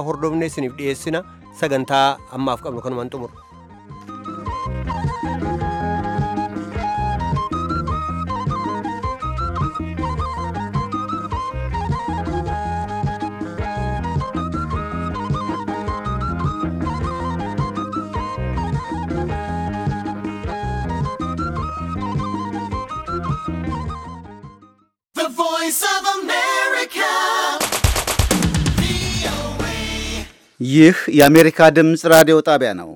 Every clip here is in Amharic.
hordofnee sinif dhiyeessina sagantaa ammaaf qabnu kanumaan xumur. ይህ የአሜሪካ ድምፅ ራዲዮ ጣቢያ ነው።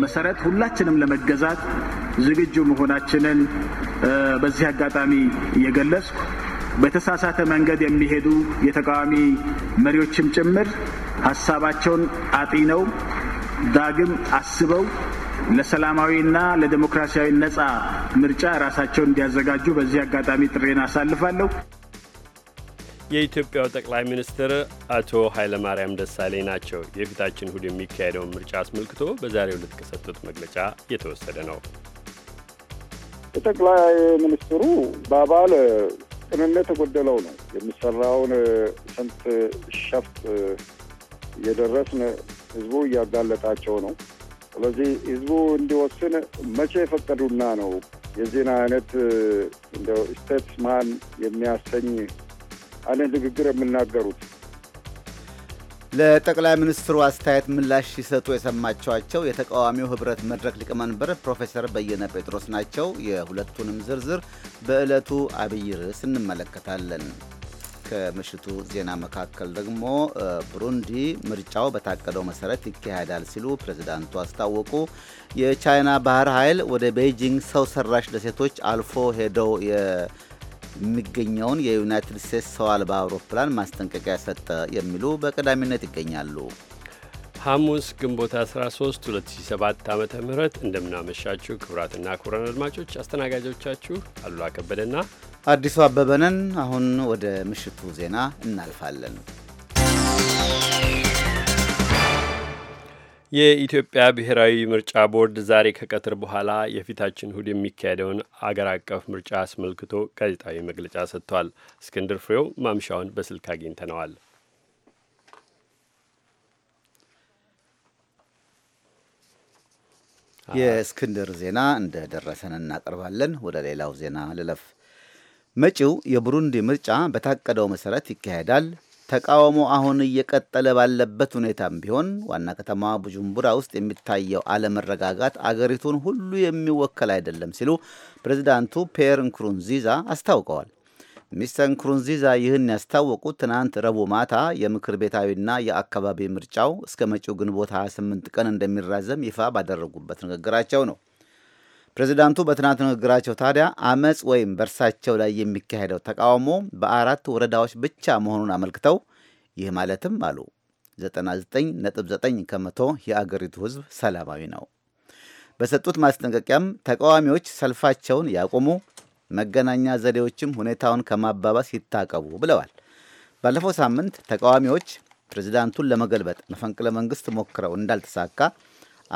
መሰረት ሁላችንም ለመገዛት ዝግጁ መሆናችንን በዚህ አጋጣሚ እየገለጽኩ በተሳሳተ መንገድ የሚሄዱ የተቃዋሚ መሪዎችም ጭምር ሀሳባቸውን አጢነው ዳግም አስበው ለሰላማዊና ለዲሞክራሲያዊ ነፃ ምርጫ ራሳቸውን እንዲያዘጋጁ በዚህ አጋጣሚ ጥሬን አሳልፋለሁ። የኢትዮጵያው ጠቅላይ ሚኒስትር አቶ ኃይለማርያም ደሳለኝ ናቸው። የፊታችን እሁድ የሚካሄደውን ምርጫ አስመልክቶ በዛሬው ዕለት ከሰጡት መግለጫ የተወሰደ ነው። የጠቅላይ ሚኒስትሩ በአባል ቅንነት የጎደለው ነው የሚሰራውን ስንት ሸፍጥ የደረስን ህዝቡ እያጋለጣቸው ነው። ስለዚህ ህዝቡ እንዲወስን መቼ የፈቀዱና ነው የዜና አይነት እንደ ስቴትስማን የሚያሰኝ አይነት ንግግር የሚናገሩት? ለጠቅላይ ሚኒስትሩ አስተያየት ምላሽ ሲሰጡ የሰማችኋቸው የተቃዋሚው ህብረት መድረክ ሊቀመንበር ፕሮፌሰር በየነ ጴጥሮስ ናቸው። የሁለቱንም ዝርዝር በዕለቱ አብይ ርዕስ እንመለከታለን። ከምሽቱ ዜና መካከል ደግሞ ብሩንዲ ምርጫው በታቀደው መሰረት ይካሄዳል ሲሉ ፕሬዚዳንቱ አስታወቁ። የቻይና ባህር ኃይል ወደ ቤይጂንግ ሰው ሰራሽ ደሴቶች አልፎ ሄደው የሚገኘውን የዩናይትድ ስቴትስ ሰው አልባ አውሮፕላን ማስጠንቀቂያ ሰጠ የሚሉ በቀዳሚነት ይገኛሉ። ሐሙስ ግንቦት 13 2007 ዓ ም እንደምናመሻችሁ ክቡራትና ክቡራን አድማጮች አስተናጋጆቻችሁ አሉላ ከበደና አዲሱ አበበነን አሁን ወደ ምሽቱ ዜና እናልፋለን። የኢትዮጵያ ብሔራዊ ምርጫ ቦርድ ዛሬ ከቀትር በኋላ የፊታችን እሁድ የሚካሄደውን አገር አቀፍ ምርጫ አስመልክቶ ጋዜጣዊ መግለጫ ሰጥቷል። እስክንድር ፍሬው ማምሻውን በስልክ አግኝተነዋል። የእስክንድር ዜና እንደደረሰን እናቀርባለን። ወደ ሌላው ዜና ልለፍ። መጪው የቡሩንዲ ምርጫ በታቀደው መሠረት ይካሄዳል። ተቃውሞ አሁን እየቀጠለ ባለበት ሁኔታም ቢሆን ዋና ከተማዋ ቡጁምቡራ ውስጥ የሚታየው አለመረጋጋት አገሪቱን ሁሉ የሚወከል አይደለም ሲሉ ፕሬዚዳንቱ ፔር ንክሩንዚዛ አስታውቀዋል። ሚስተር ንክሩንዚዛ ይህን ያስታወቁት ትናንት ረቡዕ ማታ የምክር ቤታዊና የአካባቢ ምርጫው እስከ መጪው ግንቦት 28 ቀን እንደሚራዘም ይፋ ባደረጉበት ንግግራቸው ነው። ፕሬዚዳንቱ በትናንት ንግግራቸው ታዲያ አመፅ ወይም በእርሳቸው ላይ የሚካሄደው ተቃውሞ በአራት ወረዳዎች ብቻ መሆኑን አመልክተው ይህ ማለትም አሉ 99.9 ከመቶ የአገሪቱ ሕዝብ ሰላማዊ ነው። በሰጡት ማስጠንቀቂያም ተቃዋሚዎች ሰልፋቸውን ያቆሙ፣ መገናኛ ዘዴዎችም ሁኔታውን ከማባባስ ይታቀቡ ብለዋል። ባለፈው ሳምንት ተቃዋሚዎች ፕሬዚዳንቱን ለመገልበጥ መፈንቅለ መንግስት ሞክረው እንዳልተሳካ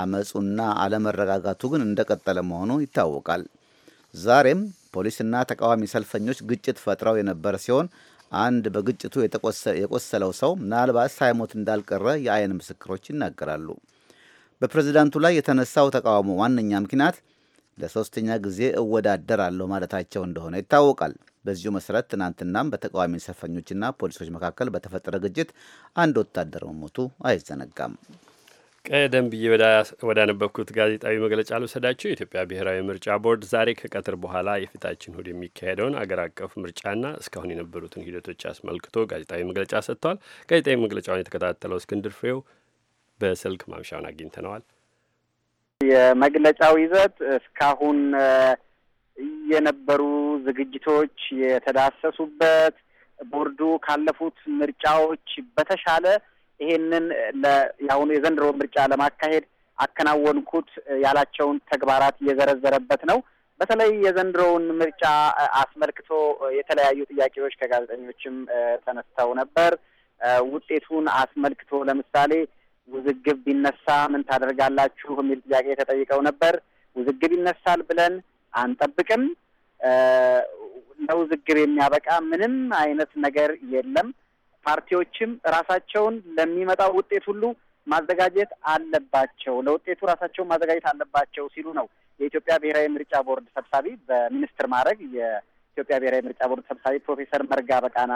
አመፁና አለመረጋጋቱ ግን እንደቀጠለ መሆኑ ይታወቃል። ዛሬም ፖሊስና ተቃዋሚ ሰልፈኞች ግጭት ፈጥረው የነበረ ሲሆን አንድ በግጭቱ የቆሰለው ሰው ምናልባት ሳይሞት እንዳልቀረ የአይን ምስክሮች ይናገራሉ። በፕሬዝዳንቱ ላይ የተነሳው ተቃውሞ ዋነኛ ምክንያት ለሶስተኛ ጊዜ እወዳደራለሁ ማለታቸው እንደሆነ ይታወቃል። በዚሁ መሰረት ትናንትናም በተቃዋሚ ሰልፈኞችና ፖሊሶች መካከል በተፈጠረ ግጭት አንድ ወታደር መሞቱ አይዘነጋም። ቀደም ብዬ ወዳነበብኩት ጋዜጣዊ መግለጫ ልውሰዳችሁ። የኢትዮጵያ ብሔራዊ ምርጫ ቦርድ ዛሬ ከቀትር በኋላ የፊታችን እሁድ የሚካሄደውን አገር አቀፍ ምርጫና እስካሁን የነበሩትን ሂደቶች አስመልክቶ ጋዜጣዊ መግለጫ ሰጥቷል። ጋዜጣዊ መግለጫውን የተከታተለው እስክንድር ፍሬው በስልክ ማምሻውን አግኝተነዋል። የመግለጫው ይዘት እስካሁን የነበሩ ዝግጅቶች የተዳሰሱበት ቦርዱ ካለፉት ምርጫዎች በተሻለ ይሄንን የአሁኑ የዘንድሮ ምርጫ ለማካሄድ አከናወንኩት ያላቸውን ተግባራት እየዘረዘረበት ነው። በተለይ የዘንድሮውን ምርጫ አስመልክቶ የተለያዩ ጥያቄዎች ከጋዜጠኞችም ተነስተው ነበር። ውጤቱን አስመልክቶ ለምሳሌ ውዝግብ ቢነሳ ምን ታደርጋላችሁ የሚል ጥያቄ ተጠይቀው ነበር። ውዝግብ ይነሳል ብለን አንጠብቅም። ለውዝግብ የሚያበቃ ምንም አይነት ነገር የለም። ፓርቲዎችም ራሳቸውን ለሚመጣው ውጤት ሁሉ ማዘጋጀት አለባቸው፣ ለውጤቱ ራሳቸውን ማዘጋጀት አለባቸው ሲሉ ነው የኢትዮጵያ ብሔራዊ ምርጫ ቦርድ ሰብሳቢ በሚኒስትር ማዕረግ የኢትዮጵያ ብሔራዊ ምርጫ ቦርድ ሰብሳቢ ፕሮፌሰር መርጋ በቃና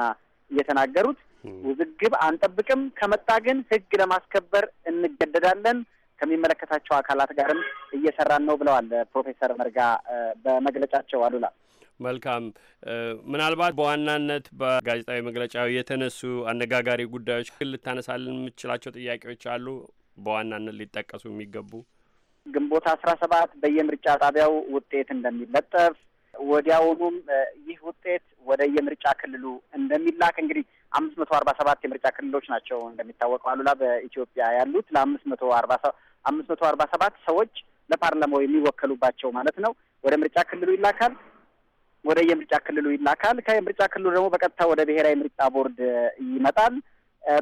እየተናገሩት። ውዝግብ አንጠብቅም፣ ከመጣ ግን ህግ ለማስከበር እንገደዳለን ከሚመለከታቸው አካላት ጋርም እየሰራን ነው ብለዋል ፕሮፌሰር መርጋ በመግለጫቸው አሉላ መልካም። ምናልባት በዋናነት በጋዜጣዊ መግለጫው የተነሱ አነጋጋሪ ጉዳዮች ልታነሳልን የምችላቸው ጥያቄዎች አሉ በዋናነት ሊጠቀሱ የሚገቡ ግንቦት አስራ ሰባት በየምርጫ ጣቢያው ውጤት እንደሚለጠፍ ወዲያውኑም ይህ ውጤት ወደ የምርጫ ክልሉ እንደሚላክ እንግዲህ አምስት መቶ አርባ ሰባት የምርጫ ክልሎች ናቸው እንደሚታወቀው አሉላ በኢትዮጵያ ያሉት ለአምስት መቶ አርባ አምስት መቶ አርባ ሰባት ሰዎች ለፓርላማው የሚወከሉባቸው ማለት ነው። ወደ ምርጫ ክልሉ ይላካል። ወደ የምርጫ ክልሉ ይላካል። ከምርጫ ክልሉ ደግሞ በቀጥታ ወደ ብሔራዊ ምርጫ ቦርድ ይመጣል።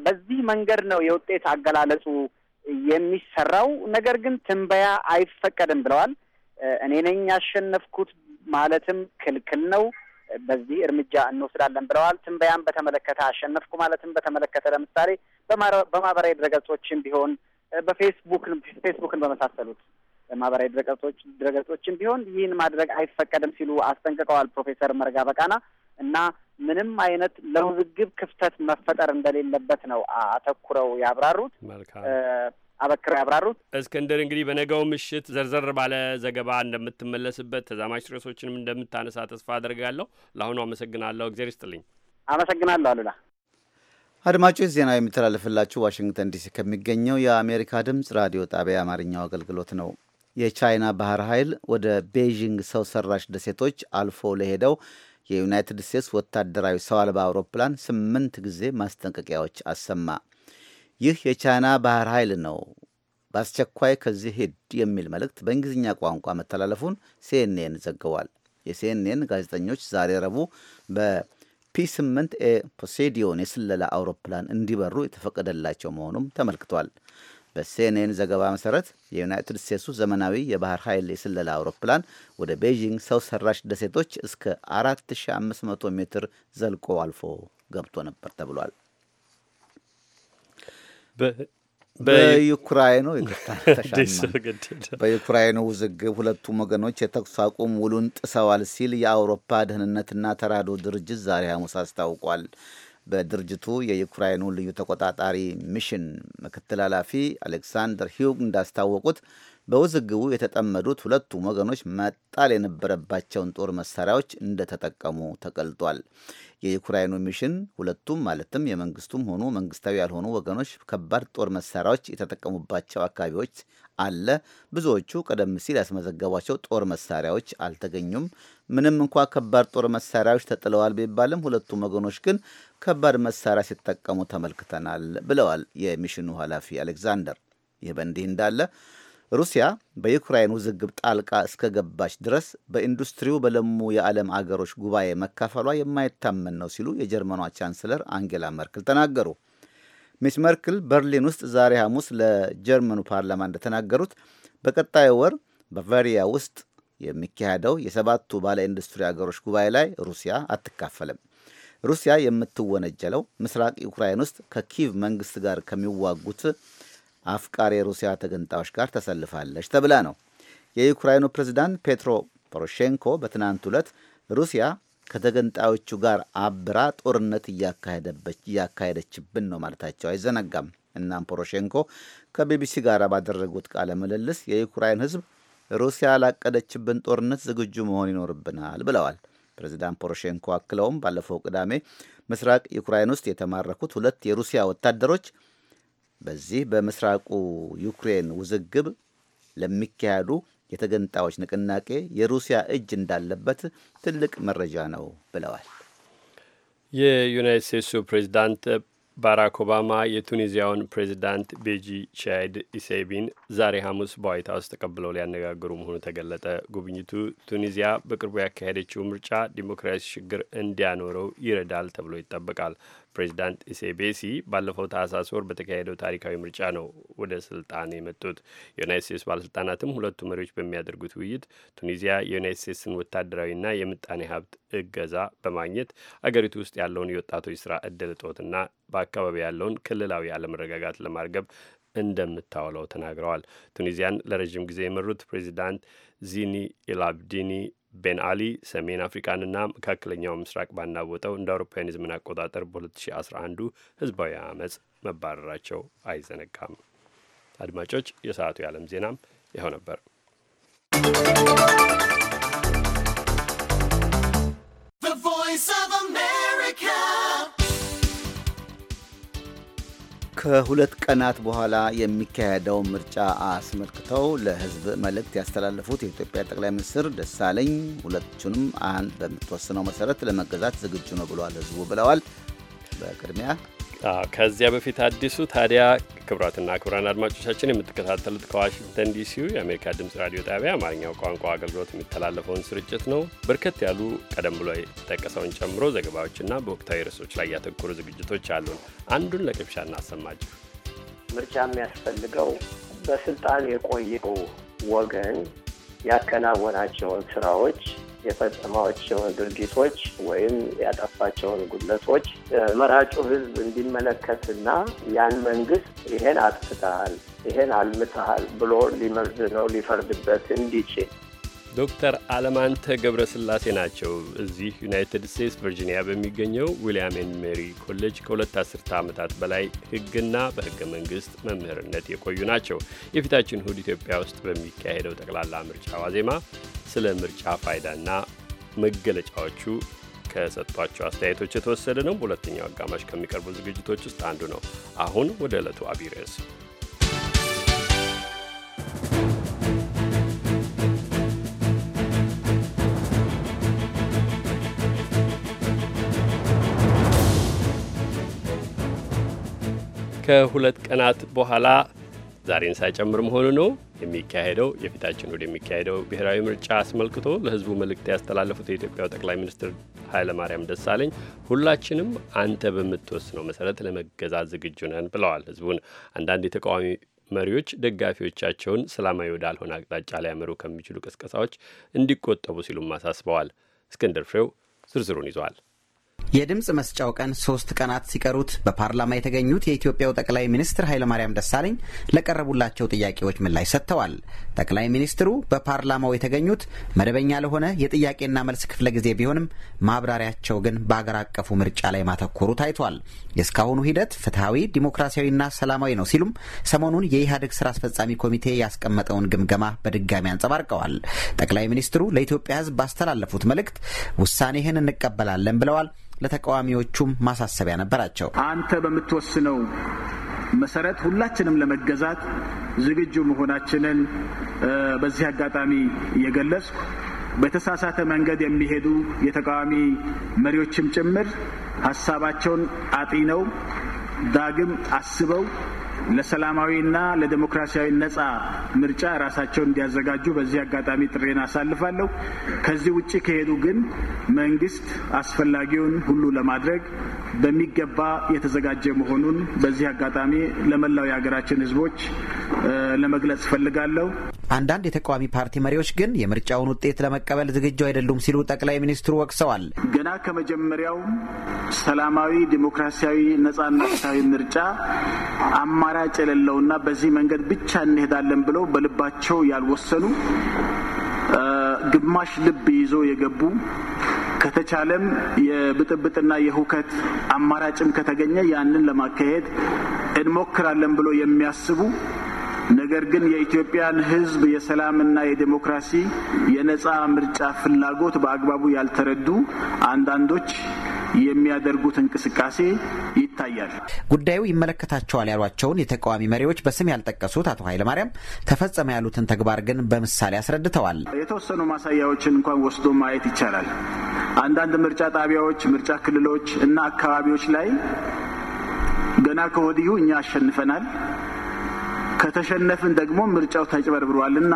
በዚህ መንገድ ነው የውጤት አገላለጹ የሚሰራው። ነገር ግን ትንበያ አይፈቀድም ብለዋል። እኔ ነኝ ያሸነፍኩት ማለትም ክልክል ነው። በዚህ እርምጃ እንወስዳለን ብለዋል። ትንበያን በተመለከተ አሸነፍኩ ማለትም በተመለከተ ለምሳሌ በማህበራዊ ድረገጾችም ቢሆን በፌስቡክ ፌስቡክን በመሳሰሉት ማህበራዊ ድረገጾች ድረገጾችን ቢሆን ይህን ማድረግ አይፈቀድም ሲሉ አስጠንቅቀዋል ፕሮፌሰር መርጋ በቃና እና ምንም አይነት ለውዝግብ ክፍተት መፈጠር እንደሌለበት ነው አተኩረው ያብራሩት አበክረው ያብራሩት። እስክንድር እንግዲህ በነገው ምሽት ዘርዘር ባለ ዘገባ እንደምትመለስበት ተዛማች ርዕሶችንም እንደምታነሳ ተስፋ አድርጋለሁ። ለአሁኑ አመሰግናለሁ። እግዜር ይስጥልኝ። አመሰግናለሁ አሉላ። አድማጮች ዜና የሚተላለፍላችሁ ዋሽንግተን ዲሲ ከሚገኘው የአሜሪካ ድምፅ ራዲዮ ጣቢያ አማርኛው አገልግሎት ነው። የቻይና ባህር ኃይል ወደ ቤይዥንግ ሰው ሰራሽ ደሴቶች አልፎ ለሄደው የዩናይትድ ስቴትስ ወታደራዊ ሰው አልባ አውሮፕላን ስምንት ጊዜ ማስጠንቀቂያዎች አሰማ። ይህ የቻይና ባህር ኃይል ነው፣ በአስቸኳይ ከዚህ ሂድ የሚል መልእክት በእንግሊዝኛ ቋንቋ መተላለፉን ሲኤንኤን ዘግቧል። የሲኤንኤን ጋዜጠኞች ዛሬ ረቡዕ በፒ8 ኤ ፖሴዲዮን የስለላ አውሮፕላን እንዲበሩ የተፈቀደላቸው መሆኑም ተመልክቷል። በሲኤንኤን ዘገባ መሰረት የዩናይትድ ስቴትሱ ዘመናዊ የባህር ኃይል የስለላ አውሮፕላን ወደ ቤይዥንግ ሰው ሰራሽ ደሴቶች እስከ 4500 ሜትር ዘልቆ አልፎ ገብቶ ነበር ተብሏል። በዩክራይኑ በዩክራይኑ ውዝግብ ሁለቱም ወገኖች የተኩስ አቁም ውሉን ጥሰዋል ሲል የአውሮፓ ደህንነትና ተራድኦ ድርጅት ዛሬ ሐሙስ አስታውቋል። በድርጅቱ የዩክራይኑ ልዩ ተቆጣጣሪ ሚሽን ምክትል ኃላፊ አሌክሳንደር ሂውግ እንዳስታወቁት በውዝግቡ የተጠመዱት ሁለቱም ወገኖች መጣል የነበረባቸውን ጦር መሳሪያዎች እንደተጠቀሙ ተቀልጧል። የዩክራይኑ ሚሽን ሁለቱም ማለትም የመንግስቱም ሆኑ መንግስታዊ ያልሆኑ ወገኖች ከባድ ጦር መሳሪያዎች የተጠቀሙባቸው አካባቢዎች አለ። ብዙዎቹ ቀደም ሲል ያስመዘገቧቸው ጦር መሳሪያዎች አልተገኙም። ምንም እንኳ ከባድ ጦር መሳሪያዎች ተጥለዋል ቢባልም ሁለቱም ወገኖች ግን ከባድ መሳሪያ ሲጠቀሙ ተመልክተናል ብለዋል የሚሽኑ ኃላፊ አሌክዛንደር። ይህ በእንዲህ እንዳለ ሩሲያ በዩክራይን ውዝግብ ጣልቃ እስከገባች ድረስ በኢንዱስትሪው በለሙ የዓለም አገሮች ጉባኤ መካፈሏ የማይታመን ነው ሲሉ የጀርመኗ ቻንስለር አንጌላ መርክል ተናገሩ። ሚስ መርክል በርሊን ውስጥ ዛሬ ሐሙስ ለጀርመኑ ፓርላማ እንደተናገሩት በቀጣዩ ወር ባቫሪያ ውስጥ የሚካሄደው የሰባቱ ባለ ኢንዱስትሪ ሀገሮች ጉባኤ ላይ ሩሲያ አትካፈልም። ሩሲያ የምትወነጀለው ምስራቅ ዩክራይን ውስጥ ከኪቭ መንግስት ጋር ከሚዋጉት አፍቃሪ የሩሲያ ተገንጣዮች ጋር ተሰልፋለች ተብላ ነው። የዩክራይኑ ፕሬዚዳንት ፔትሮ ፖሮሼንኮ በትናንት ዕለት ሩሲያ ከተገንጣዮቹ ጋር አብራ ጦርነት እያካሄደችብን ነው ማለታቸው አይዘነጋም። እናም ፖሮሼንኮ ከቢቢሲ ጋር ባደረጉት ቃለ ምልልስ የዩክራይን ህዝብ ሩሲያ ላቀደችብን ጦርነት ዝግጁ መሆን ይኖርብናል ብለዋል። ፕሬዚዳንት ፖሮሼንኮ አክለውም ባለፈው ቅዳሜ ምስራቅ ዩክራይን ውስጥ የተማረኩት ሁለት የሩሲያ ወታደሮች በዚህ በምስራቁ ዩክሬን ውዝግብ ለሚካሄዱ የተገንጣዮች ንቅናቄ የሩሲያ እጅ እንዳለበት ትልቅ መረጃ ነው ብለዋል። የዩናይት ስቴትሱ ፕሬዚዳንት ባራክ ኦባማ የቱኒዚያውን ፕሬዚዳንት ቤጂ ሻይድ ኢሴቢን ዛሬ ሐሙስ በዋይት ሀውስ ተቀብለው ሊያነጋግሩ መሆኑ ተገለጠ። ጉብኝቱ ቱኒዚያ በቅርቡ ያካሄደችው ምርጫ ዲሞክራሲ ሽግግር እንዲያኖረው ይረዳል ተብሎ ይጠበቃል። ፕሬዚዳንት ኢሴቤሲ ባለፈው ታህሳስ ወር በተካሄደው ታሪካዊ ምርጫ ነው ወደ ስልጣን የመጡት። የዩናይት ስቴትስ ባለስልጣናትም ሁለቱ መሪዎች በሚያደርጉት ውይይት ቱኒዚያ የዩናይት ስቴትስን ወታደራዊና የምጣኔ ሀብት እገዛ በማግኘት አገሪቱ ውስጥ ያለውን የወጣቶች ስራ እድል እጦትና በአካባቢ ያለውን ክልላዊ አለመረጋጋት ለማርገብ እንደምታውለው ተናግረዋል። ቱኒዚያን ለረዥም ጊዜ የመሩት ፕሬዚዳንት ዚኒ ኢላብዲኒ ቤን አሊ ሰሜን አፍሪካንና መካከለኛው ምስራቅ ባናወጠው እንደ አውሮፓውያን የዘመን አቆጣጠር በ2011 ህዝባዊ አመፅ መባረራቸው አይዘነጋም። አድማጮች፣ የሰዓቱ የዓለም ዜናም ይኸው ነበር። ከሁለት ቀናት በኋላ የሚካሄደው ምርጫ አስመልክተው ለሕዝብ መልእክት ያስተላለፉት የኢትዮጵያ ጠቅላይ ሚኒስትር ደሳለኝ ሁለቱንም አንድ በምትወስነው መሰረት ለመገዛት ዝግጁ ነው ብለዋል ሕዝቡ ብለዋል። በቅድሚያ ከዚያ በፊት አዲሱ ታዲያ ክቡራትና ክቡራን አድማጮቻችን የምትከታተሉት ከዋሽንግተን ዲሲው የአሜሪካ ድምፅ ራዲዮ ጣቢያ አማርኛው ቋንቋ አገልግሎት የሚተላለፈውን ስርጭት ነው። በርከት ያሉ ቀደም ብሎ የተጠቀሰውን ጨምሮ ዘገባዎችና በወቅታዊ ርዕሶች ላይ ያተኮሩ ዝግጅቶች አሉን። አንዱን ለቅብሻ እናሰማችሁ። ምርጫ የሚያስፈልገው በስልጣን የቆየው ወገን ያከናወናቸውን ስራዎች የፈጸሟቸውን ድርጊቶች ወይም ያጠፋቸውን ጉድለቶች መራጩ ህዝብ እንዲመለከትና ያን መንግስት ይሄን አጥፍተሃል፣ ይሄን አልምተሃል ብሎ ሊመዝነው ሊፈርድበት እንዲችል ዶክተር አለማንተ ገብረስላሴ ናቸው። እዚህ ዩናይትድ ስቴትስ ቨርጂኒያ በሚገኘው ዊልያም ኤንድ ሜሪ ኮሌጅ ከሁለት አስርተ ዓመታት በላይ ሕግና በሕገ መንግሥት መምህርነት የቆዩ ናቸው። የፊታችን እሁድ ኢትዮጵያ ውስጥ በሚካሄደው ጠቅላላ ምርጫ ዋዜማ ስለ ምርጫ ፋይዳና መገለጫዎቹ ከሰጧቸው አስተያየቶች የተወሰደ ነው። በሁለተኛው አጋማሽ ከሚቀርቡ ዝግጅቶች ውስጥ አንዱ ነው። አሁን ወደ ዕለቱ አቢይ ርዕስ ከሁለት ቀናት በኋላ ዛሬን ሳይጨምር መሆኑ ነው የሚካሄደው የፊታችን ወደ የሚካሄደው ብሔራዊ ምርጫ አስመልክቶ ለህዝቡ መልእክት ያስተላለፉት የኢትዮጵያው ጠቅላይ ሚኒስትር ኃይለማርያም ደሳለኝ ሁላችንም አንተ በምትወስነው መሰረት ለመገዛት ዝግጁ ነን ብለዋል። ህዝቡን አንዳንድ የተቃዋሚ መሪዎች ደጋፊዎቻቸውን ሰላማዊ ወዳልሆነ አቅጣጫ ሊያመሩ ከሚችሉ ቅስቀሳዎች እንዲቆጠቡ ሲሉም አሳስበዋል። እስክንድር ፍሬው ዝርዝሩን ይዟል። የድምፅ መስጫው ቀን ሶስት ቀናት ሲቀሩት በፓርላማ የተገኙት የኢትዮጵያው ጠቅላይ ሚኒስትር ኃይለማርያም ደሳለኝ ለቀረቡላቸው ጥያቄዎች ምላሽ ሰጥተዋል። ጠቅላይ ሚኒስትሩ በፓርላማው የተገኙት መደበኛ ለሆነ የጥያቄና መልስ ክፍለ ጊዜ ቢሆንም ማብራሪያቸው ግን በአገር አቀፉ ምርጫ ላይ ማተኮሩ ታይቷል። የእስካሁኑ ሂደት ፍትሐዊ፣ ዲሞክራሲያዊና ሰላማዊ ነው ሲሉም ሰሞኑን የኢህአዴግ ስራ አስፈጻሚ ኮሚቴ ያስቀመጠውን ግምገማ በድጋሚ አንጸባርቀዋል። ጠቅላይ ሚኒስትሩ ለኢትዮጵያ ሕዝብ ባስተላለፉት መልእክት ውሳኔህን እንቀበላለን ብለዋል። ለተቃዋሚዎቹም ማሳሰቢያ ነበራቸው። አንተ በምትወስነው መሰረት ሁላችንም ለመገዛት ዝግጁ መሆናችንን በዚህ አጋጣሚ እየገለጽኩ በተሳሳተ መንገድ የሚሄዱ የተቃዋሚ መሪዎችም ጭምር ሀሳባቸውን አጢነው ዳግም አስበው ለሰላማዊና ለዲሞክራሲያዊ ነጻ ምርጫ ራሳቸውን እንዲያዘጋጁ በዚህ አጋጣሚ ጥሬን አሳልፋለሁ። ከዚህ ውጭ ከሄዱ ግን መንግስት አስፈላጊውን ሁሉ ለማድረግ በሚገባ የተዘጋጀ መሆኑን በዚህ አጋጣሚ ለመላው የሀገራችን ህዝቦች ለመግለጽ እፈልጋለሁ። አንዳንድ የተቃዋሚ ፓርቲ መሪዎች ግን የምርጫውን ውጤት ለመቀበል ዝግጁ አይደሉም ሲሉ ጠቅላይ ሚኒስትሩ ወቅሰዋል። ገና ከመጀመሪያው ሰላማዊ፣ ዲሞክራሲያዊ፣ ነጻና ፍትሃዊ ምርጫ አማራጭ የሌለውና በዚህ መንገድ ብቻ እንሄዳለን ብለው በልባቸው ያልወሰኑ ግማሽ ልብ ይዞ የገቡ ከተቻለም የብጥብጥና የሁከት አማራጭም ከተገኘ ያንን ለማካሄድ እንሞክራለን ብሎ የሚያስቡ ነገር ግን የኢትዮጵያን ሕዝብ የሰላምና የዴሞክራሲ የነጻ ምርጫ ፍላጎት በአግባቡ ያልተረዱ አንዳንዶች የሚያደርጉት እንቅስቃሴ ይታያል። ጉዳዩ ይመለከታቸዋል ያሏቸውን የተቃዋሚ መሪዎች በስም ያልጠቀሱት አቶ ኃይለማርያም ተፈጸመ ያሉትን ተግባር ግን በምሳሌ አስረድተዋል። የተወሰኑ ማሳያዎችን እንኳን ወስዶ ማየት ይቻላል። አንዳንድ ምርጫ ጣቢያዎች፣ ምርጫ ክልሎች እና አካባቢዎች ላይ ገና ከወዲሁ እኛ አሸንፈናል ከተሸነፍን ደግሞ ምርጫው ተጭበርብሯልና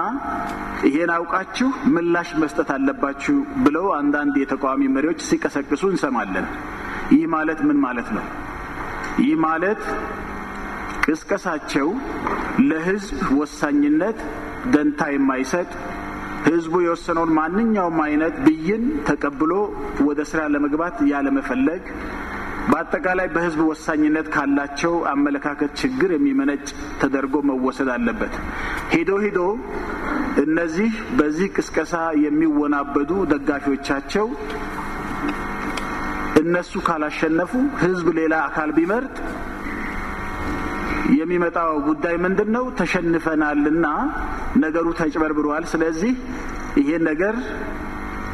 ይሄን አውቃችሁ ምላሽ መስጠት አለባችሁ ብለው አንዳንድ የተቃዋሚ መሪዎች ሲቀሰቅሱ እንሰማለን። ይህ ማለት ምን ማለት ነው? ይህ ማለት ቅስቀሳቸው ለህዝብ ወሳኝነት ደንታ የማይሰጥ ህዝቡ የወሰነውን ማንኛውም አይነት ብይን ተቀብሎ ወደ ስራ ለመግባት ያለመፈለግ በአጠቃላይ በህዝብ ወሳኝነት ካላቸው አመለካከት ችግር የሚመነጭ ተደርጎ መወሰድ አለበት። ሄዶ ሂዶ እነዚህ በዚህ ቅስቀሳ የሚወናበዱ ደጋፊዎቻቸው እነሱ ካላሸነፉ ህዝብ ሌላ አካል ቢመርጥ የሚመጣው ጉዳይ ምንድን ነው? ተሸንፈናልና ነገሩ ተጭበርብሯል። ስለዚህ ይሄን ነገር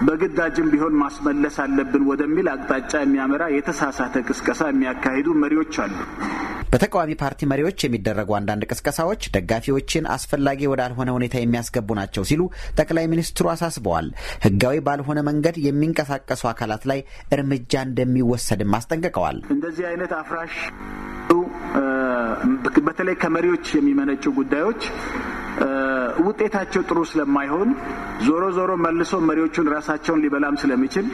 በግዳጅም ቢሆን ማስመለስ አለብን ወደሚል አቅጣጫ የሚያመራ የተሳሳተ ቅስቀሳ የሚያካሂዱ መሪዎች አሉ። በተቃዋሚ ፓርቲ መሪዎች የሚደረጉ አንዳንድ ቅስቀሳዎች ደጋፊዎችን አስፈላጊ ወዳልሆነ ሁኔታ የሚያስገቡ ናቸው ሲሉ ጠቅላይ ሚኒስትሩ አሳስበዋል። ሕጋዊ ባልሆነ መንገድ የሚንቀሳቀሱ አካላት ላይ እርምጃ እንደሚወሰድም አስጠንቅቀዋል። እንደዚህ አይነት አፍራሽ በተለይ ከመሪዎች የሚመነጩ ጉዳዮች ውጤታቸው ጥሩ ስለማይሆን ዞሮ ዞሮ መልሶ መሪዎቹን ራሳቸውን ሊበላም ስለሚችል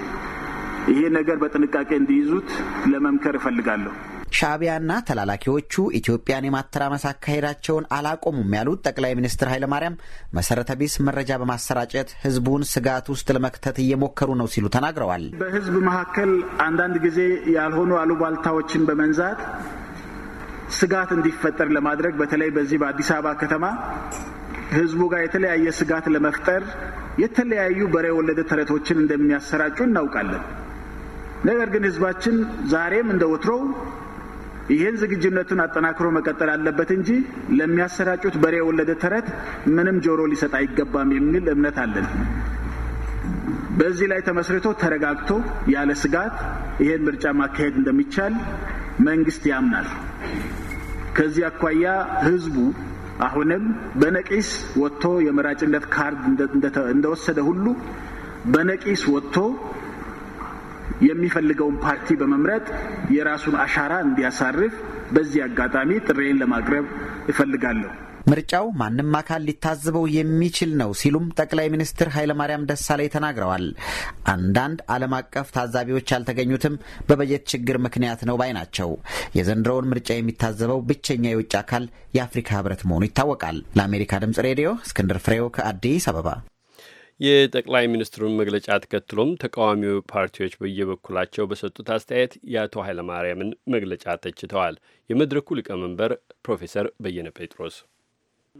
ይሄ ነገር በጥንቃቄ እንዲይዙት ለመምከር እፈልጋለሁ። ሻቢያና ተላላኪዎቹ ኢትዮጵያን የማተራመስ አካሄዳቸውን አላቆሙም ያሉት ጠቅላይ ሚኒስትር ኃይለማርያም መሰረተ ቢስ መረጃ በማሰራጨት ህዝቡን ስጋት ውስጥ ለመክተት እየሞከሩ ነው ሲሉ ተናግረዋል። በህዝብ መካከል አንዳንድ ጊዜ ያልሆኑ አሉባልታዎችን በመንዛት ስጋት እንዲፈጠር ለማድረግ በተለይ በዚህ በአዲስ አበባ ከተማ ህዝቡ ጋር የተለያየ ስጋት ለመፍጠር የተለያዩ በሬ ወለደ ተረቶችን እንደሚያሰራጩ እናውቃለን። ነገር ግን ህዝባችን ዛሬም እንደ ወትሮው ይህን ዝግጁነቱን አጠናክሮ መቀጠል አለበት እንጂ ለሚያሰራጩት በሬ ወለደ ተረት ምንም ጆሮ ሊሰጥ አይገባም የሚል እምነት አለን። በዚህ ላይ ተመስርቶ ተረጋግቶ ያለ ስጋት ይህን ምርጫ ማካሄድ እንደሚቻል መንግስት ያምናል። ከዚህ አኳያ ህዝቡ አሁንም በነቂስ ወጥቶ የመራጭነት ካርድ እንደወሰደ ሁሉ በነቂስ ወጥቶ የሚፈልገውን ፓርቲ በመምረጥ የራሱን አሻራ እንዲያሳርፍ በዚህ አጋጣሚ ጥሬን ለማቅረብ እፈልጋለሁ። ምርጫው ማንም አካል ሊታዘበው የሚችል ነው ሲሉም ጠቅላይ ሚኒስትር ኃይለማርያም ደሳለኝ ተናግረዋል። አንዳንድ ዓለም አቀፍ ታዛቢዎች ያልተገኙትም በበጀት ችግር ምክንያት ነው ባይ ናቸው። የዘንድሮውን ምርጫ የሚታዘበው ብቸኛ የውጭ አካል የአፍሪካ ሕብረት መሆኑ ይታወቃል። ለአሜሪካ ድምጽ ሬዲዮ እስክንድር ፍሬው ከአዲስ አበባ። የጠቅላይ ሚኒስትሩን መግለጫ ተከትሎም ተቃዋሚው ፓርቲዎች በየበኩላቸው በሰጡት አስተያየት የአቶ ኃይለማርያምን መግለጫ ተችተዋል። የመድረኩ ሊቀመንበር ፕሮፌሰር በየነ ጴጥሮስ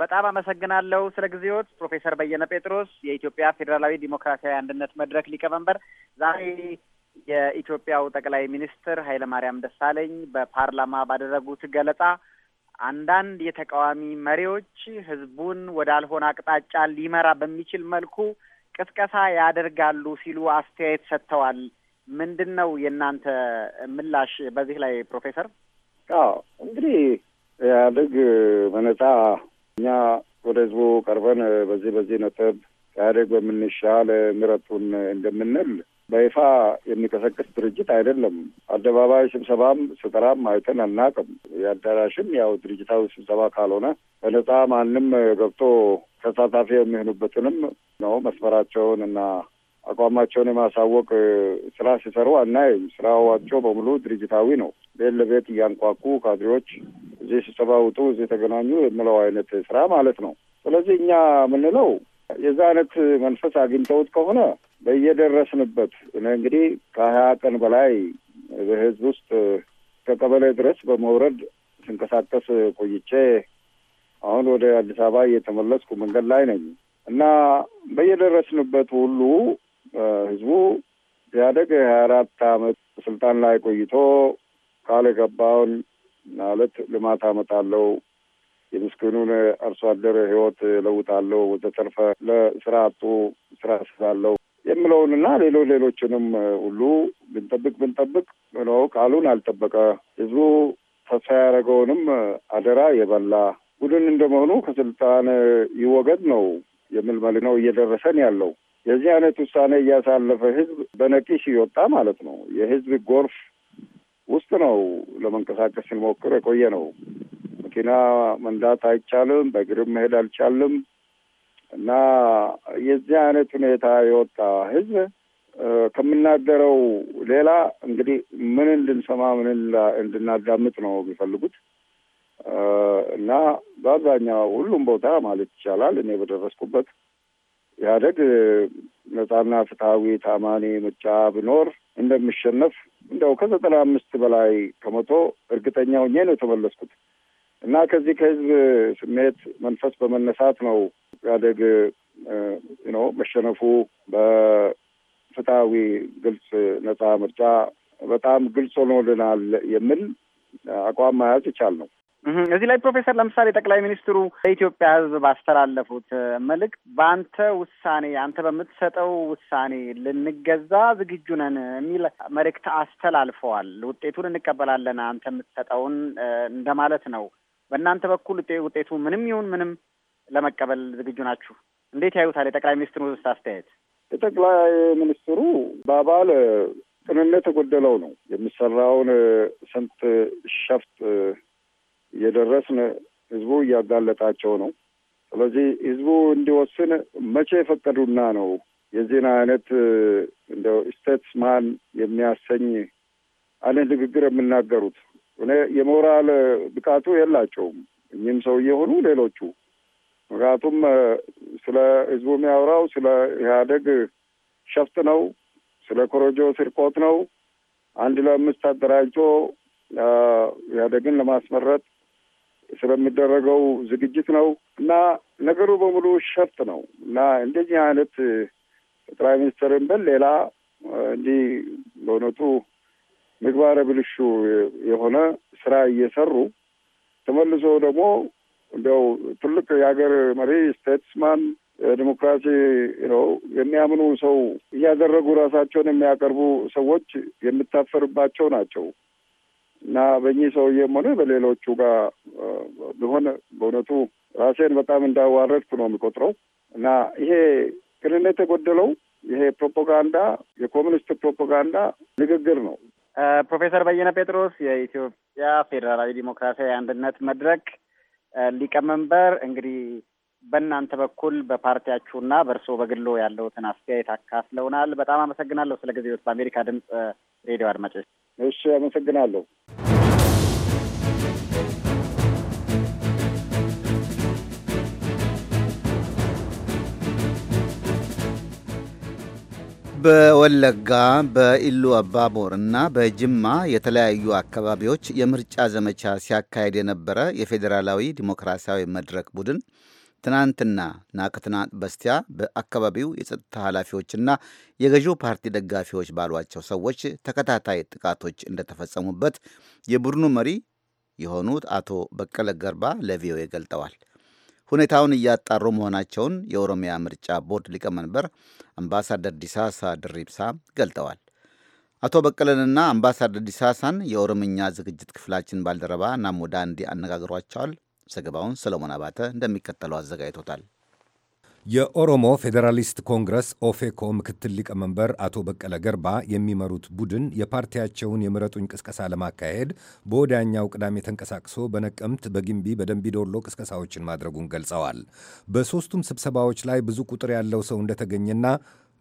በጣም አመሰግናለሁ ስለ ጊዜዎት ፕሮፌሰር በየነ ጴጥሮስ የኢትዮጵያ ፌዴራላዊ ዲሞክራሲያዊ አንድነት መድረክ ሊቀመንበር ዛሬ የኢትዮጵያው ጠቅላይ ሚኒስትር ኃይለማርያም ደሳለኝ በፓርላማ ባደረጉት ገለጻ አንዳንድ የተቃዋሚ መሪዎች ህዝቡን ወዳልሆነ አቅጣጫ ሊመራ በሚችል መልኩ ቅስቀሳ ያደርጋሉ ሲሉ አስተያየት ሰጥተዋል። ምንድን ነው የእናንተ ምላሽ በዚህ ላይ ፕሮፌሰር? አዎ እንግዲህ ኢህአዴግ በነጻ እኛ ወደ ህዝቡ ቀርበን በዚህ በዚህ ነጥብ ከኢህአዴግ በምንሻል ምረጡን እንደምንል በይፋ የሚቀሰቅስ ድርጅት አይደለም። አደባባይ ስብሰባም ስጠራም አይተን አናቅም። የአዳራሽም ያው ድርጅታዊ ስብሰባ ካልሆነ በነፃ ማንም ገብቶ ተሳታፊ የሚሆኑበትንም ነው መስመራቸውን እና አቋማቸውን የማሳወቅ ስራ ሲሰሩ አናይም። ስራዋቸው በሙሉ ድርጅታዊ ነው። ቤት ለቤት እያንኳኩ ካድሬዎች እዚህ ስብሰባ ውጡ፣ እዚህ ተገናኙ የምለው አይነት ስራ ማለት ነው። ስለዚህ እኛ የምንለው የዛ አይነት መንፈስ አግኝተውት ከሆነ በየደረስንበት እኔ እንግዲህ ከሀያ ቀን በላይ በህዝብ ውስጥ ከቀበሌ ድረስ በመውረድ ስንቀሳቀስ ቆይቼ አሁን ወደ አዲስ አበባ እየተመለስኩ መንገድ ላይ ነኝ እና በየደረስንበት ሁሉ ህዝቡ ኢህአዴግ የሀያ አራት አመት ስልጣን ላይ ቆይቶ ቃል የገባውን ማለት ልማት አመጣለው የምስኪኑን አርሶ አደር ህይወት ለውጣለው ወዘተርፈ ለስራ አጡ ስራ ስላለው የምለውን እና ሌሎች ሌሎችንም ሁሉ ብንጠብቅ ብንጠብቅ ብሎ ቃሉን አልጠበቀ። ህዝቡ ተስፋ ያደረገውንም አደራ የበላ ቡድን እንደመሆኑ ከስልጣን ይወገድ ነው የምልመል ነው እየደረሰን ያለው። የዚህ አይነት ውሳኔ እያሳለፈ ህዝብ በነቂስ እየወጣ ማለት ነው። የህዝብ ጎርፍ ውስጥ ነው ለመንቀሳቀስ ሲሞክር የቆየ ነው። መኪና መንዳት አይቻልም፣ በእግርም መሄድ አልቻልም እና የዚህ አይነት ሁኔታ የወጣ ህዝብ ከምናገረው ሌላ እንግዲህ ምን እንድንሰማ ምን እንድናዳምጥ ነው የሚፈልጉት እና በአብዛኛው ሁሉም ቦታ ማለት ይቻላል እኔ በደረስኩበት ኢህአደግ ነጻና ፍትሐዊ ታማኒ ምርጫ ብኖር እንደሚሸነፍ እንደው ከዘጠና አምስት በላይ ከመቶ እርግጠኛ ሆኜ ነው የተመለስኩት እና ከዚህ ከህዝብ ስሜት መንፈስ በመነሳት ነው ኢህአደግ ነው መሸነፉ በፍትሐዊ ግልጽ ነጻ ምርጫ በጣም ግልጽ ሆኖልናል የሚል አቋም መያዝ ይቻል ነው። እዚህ ላይ ፕሮፌሰር ለምሳሌ ጠቅላይ ሚኒስትሩ ለኢትዮጵያ ሕዝብ ባስተላለፉት መልእክት በአንተ ውሳኔ አንተ በምትሰጠው ውሳኔ ልንገዛ ዝግጁ ነን የሚል መልእክት አስተላልፈዋል። ውጤቱን እንቀበላለን አንተ የምትሰጠውን እንደማለት ነው። በእናንተ በኩል ውጤቱ ምንም ይሁን ምንም ለመቀበል ዝግጁ ናችሁ? እንዴት ያዩታል? የጠቅላይ ሚኒስትሩ ውስጥ አስተያየት የጠቅላይ ሚኒስትሩ በአባል ቅንነት የጎደለው ነው የሚሰራውን ስንት ሸፍጥ የደረስን ህዝቡ እያጋለጣቸው ነው። ስለዚህ ህዝቡ እንዲወስን መቼ የፈቀዱና ነው የዜና አይነት እንደ ስቴትስማን የሚያሰኝ አይነት ንግግር የሚናገሩት? እኔ የሞራል ብቃቱ የላቸውም እኚህም ሰው እየሆኑ ሌሎቹ። ምክንያቱም ስለ ህዝቡ የሚያወራው ስለ ኢህአደግ ሸፍጥ ነው፣ ስለ ኮረጆ ስርቆት ነው። አንድ ለአምስት አደራጅቶ ኢህአደግን ለማስመረጥ ስለሚደረገው ዝግጅት ነው እና ነገሩ በሙሉ ሸርት ነው እና እንደዚህ አይነት ጠቅላይ ሚኒስትርን በል ሌላ እንዲህ በእውነቱ ምግባረ ብልሹ የሆነ ስራ እየሰሩ ተመልሶ ደግሞ እንዲያው ትልቅ የሀገር መሪ ስቴትስማን ዲሞክራሲ ነው የሚያምኑ ሰው እያደረጉ ራሳቸውን የሚያቀርቡ ሰዎች የምታፈርባቸው ናቸው። እና በእኚህ ሰውዬም ሆነ በሌሎቹ ጋር ቢሆን በእውነቱ ራሴን በጣም እንዳዋረድኩ ነው የሚቆጥረው እና ይሄ ቅንነት የጎደለው ይሄ ፕሮፓጋንዳ የኮሚኒስት ፕሮፓጋንዳ ንግግር ነው። ፕሮፌሰር በየነ ጴጥሮስ የኢትዮጵያ ፌዴራላዊ ዲሞክራሲያዊ አንድነት መድረክ ሊቀመንበር፣ እንግዲህ በእናንተ በኩል በፓርቲያችሁና በእርስዎ በግሎ ያለውትን አስተያየት አካፍለውናል። በጣም አመሰግናለሁ ስለ ጊዜዎት። በአሜሪካ ድምፅ ሬዲዮ አድማጮች። እሺ፣ አመሰግናለሁ። በወለጋ በኢሉ አባቦር እና በጅማ የተለያዩ አካባቢዎች የምርጫ ዘመቻ ሲያካሄድ የነበረ የፌዴራላዊ ዲሞክራሲያዊ መድረክ ቡድን ትናንትና ከትናንት በስቲያ በአካባቢው የጸጥታ ኃላፊዎችና የገዢው ፓርቲ ደጋፊዎች ባሏቸው ሰዎች ተከታታይ ጥቃቶች እንደተፈጸሙበት የቡድኑ መሪ የሆኑት አቶ በቀለ ገርባ ለቪኦኤ ገልጠዋል። ሁኔታውን እያጣሩ መሆናቸውን የኦሮሚያ ምርጫ ቦርድ ሊቀመንበር አምባሳደር ዲሳሳ ድሪብሳ ገልጠዋል። አቶ በቀለንና አምባሳደር ዲሳሳን የኦሮምኛ ዝግጅት ክፍላችን ባልደረባ ናሙዳንዲ አነጋግሯቸዋል። ዘገባውን ሰለሞን አባተ እንደሚከተለው አዘጋጅቶታል። የኦሮሞ ፌዴራሊስት ኮንግረስ ኦፌኮ ምክትል ሊቀመንበር አቶ በቀለ ገርባ የሚመሩት ቡድን የፓርቲያቸውን የምረጡኝ ቅስቀሳ ለማካሄድ በወዲያኛው ቅዳሜ ተንቀሳቅሶ በነቀምት፣ በግንቢ፣ በደንቢ ዶሎ ቅስቀሳዎችን ማድረጉን ገልጸዋል። በሦስቱም ስብሰባዎች ላይ ብዙ ቁጥር ያለው ሰው እንደተገኘና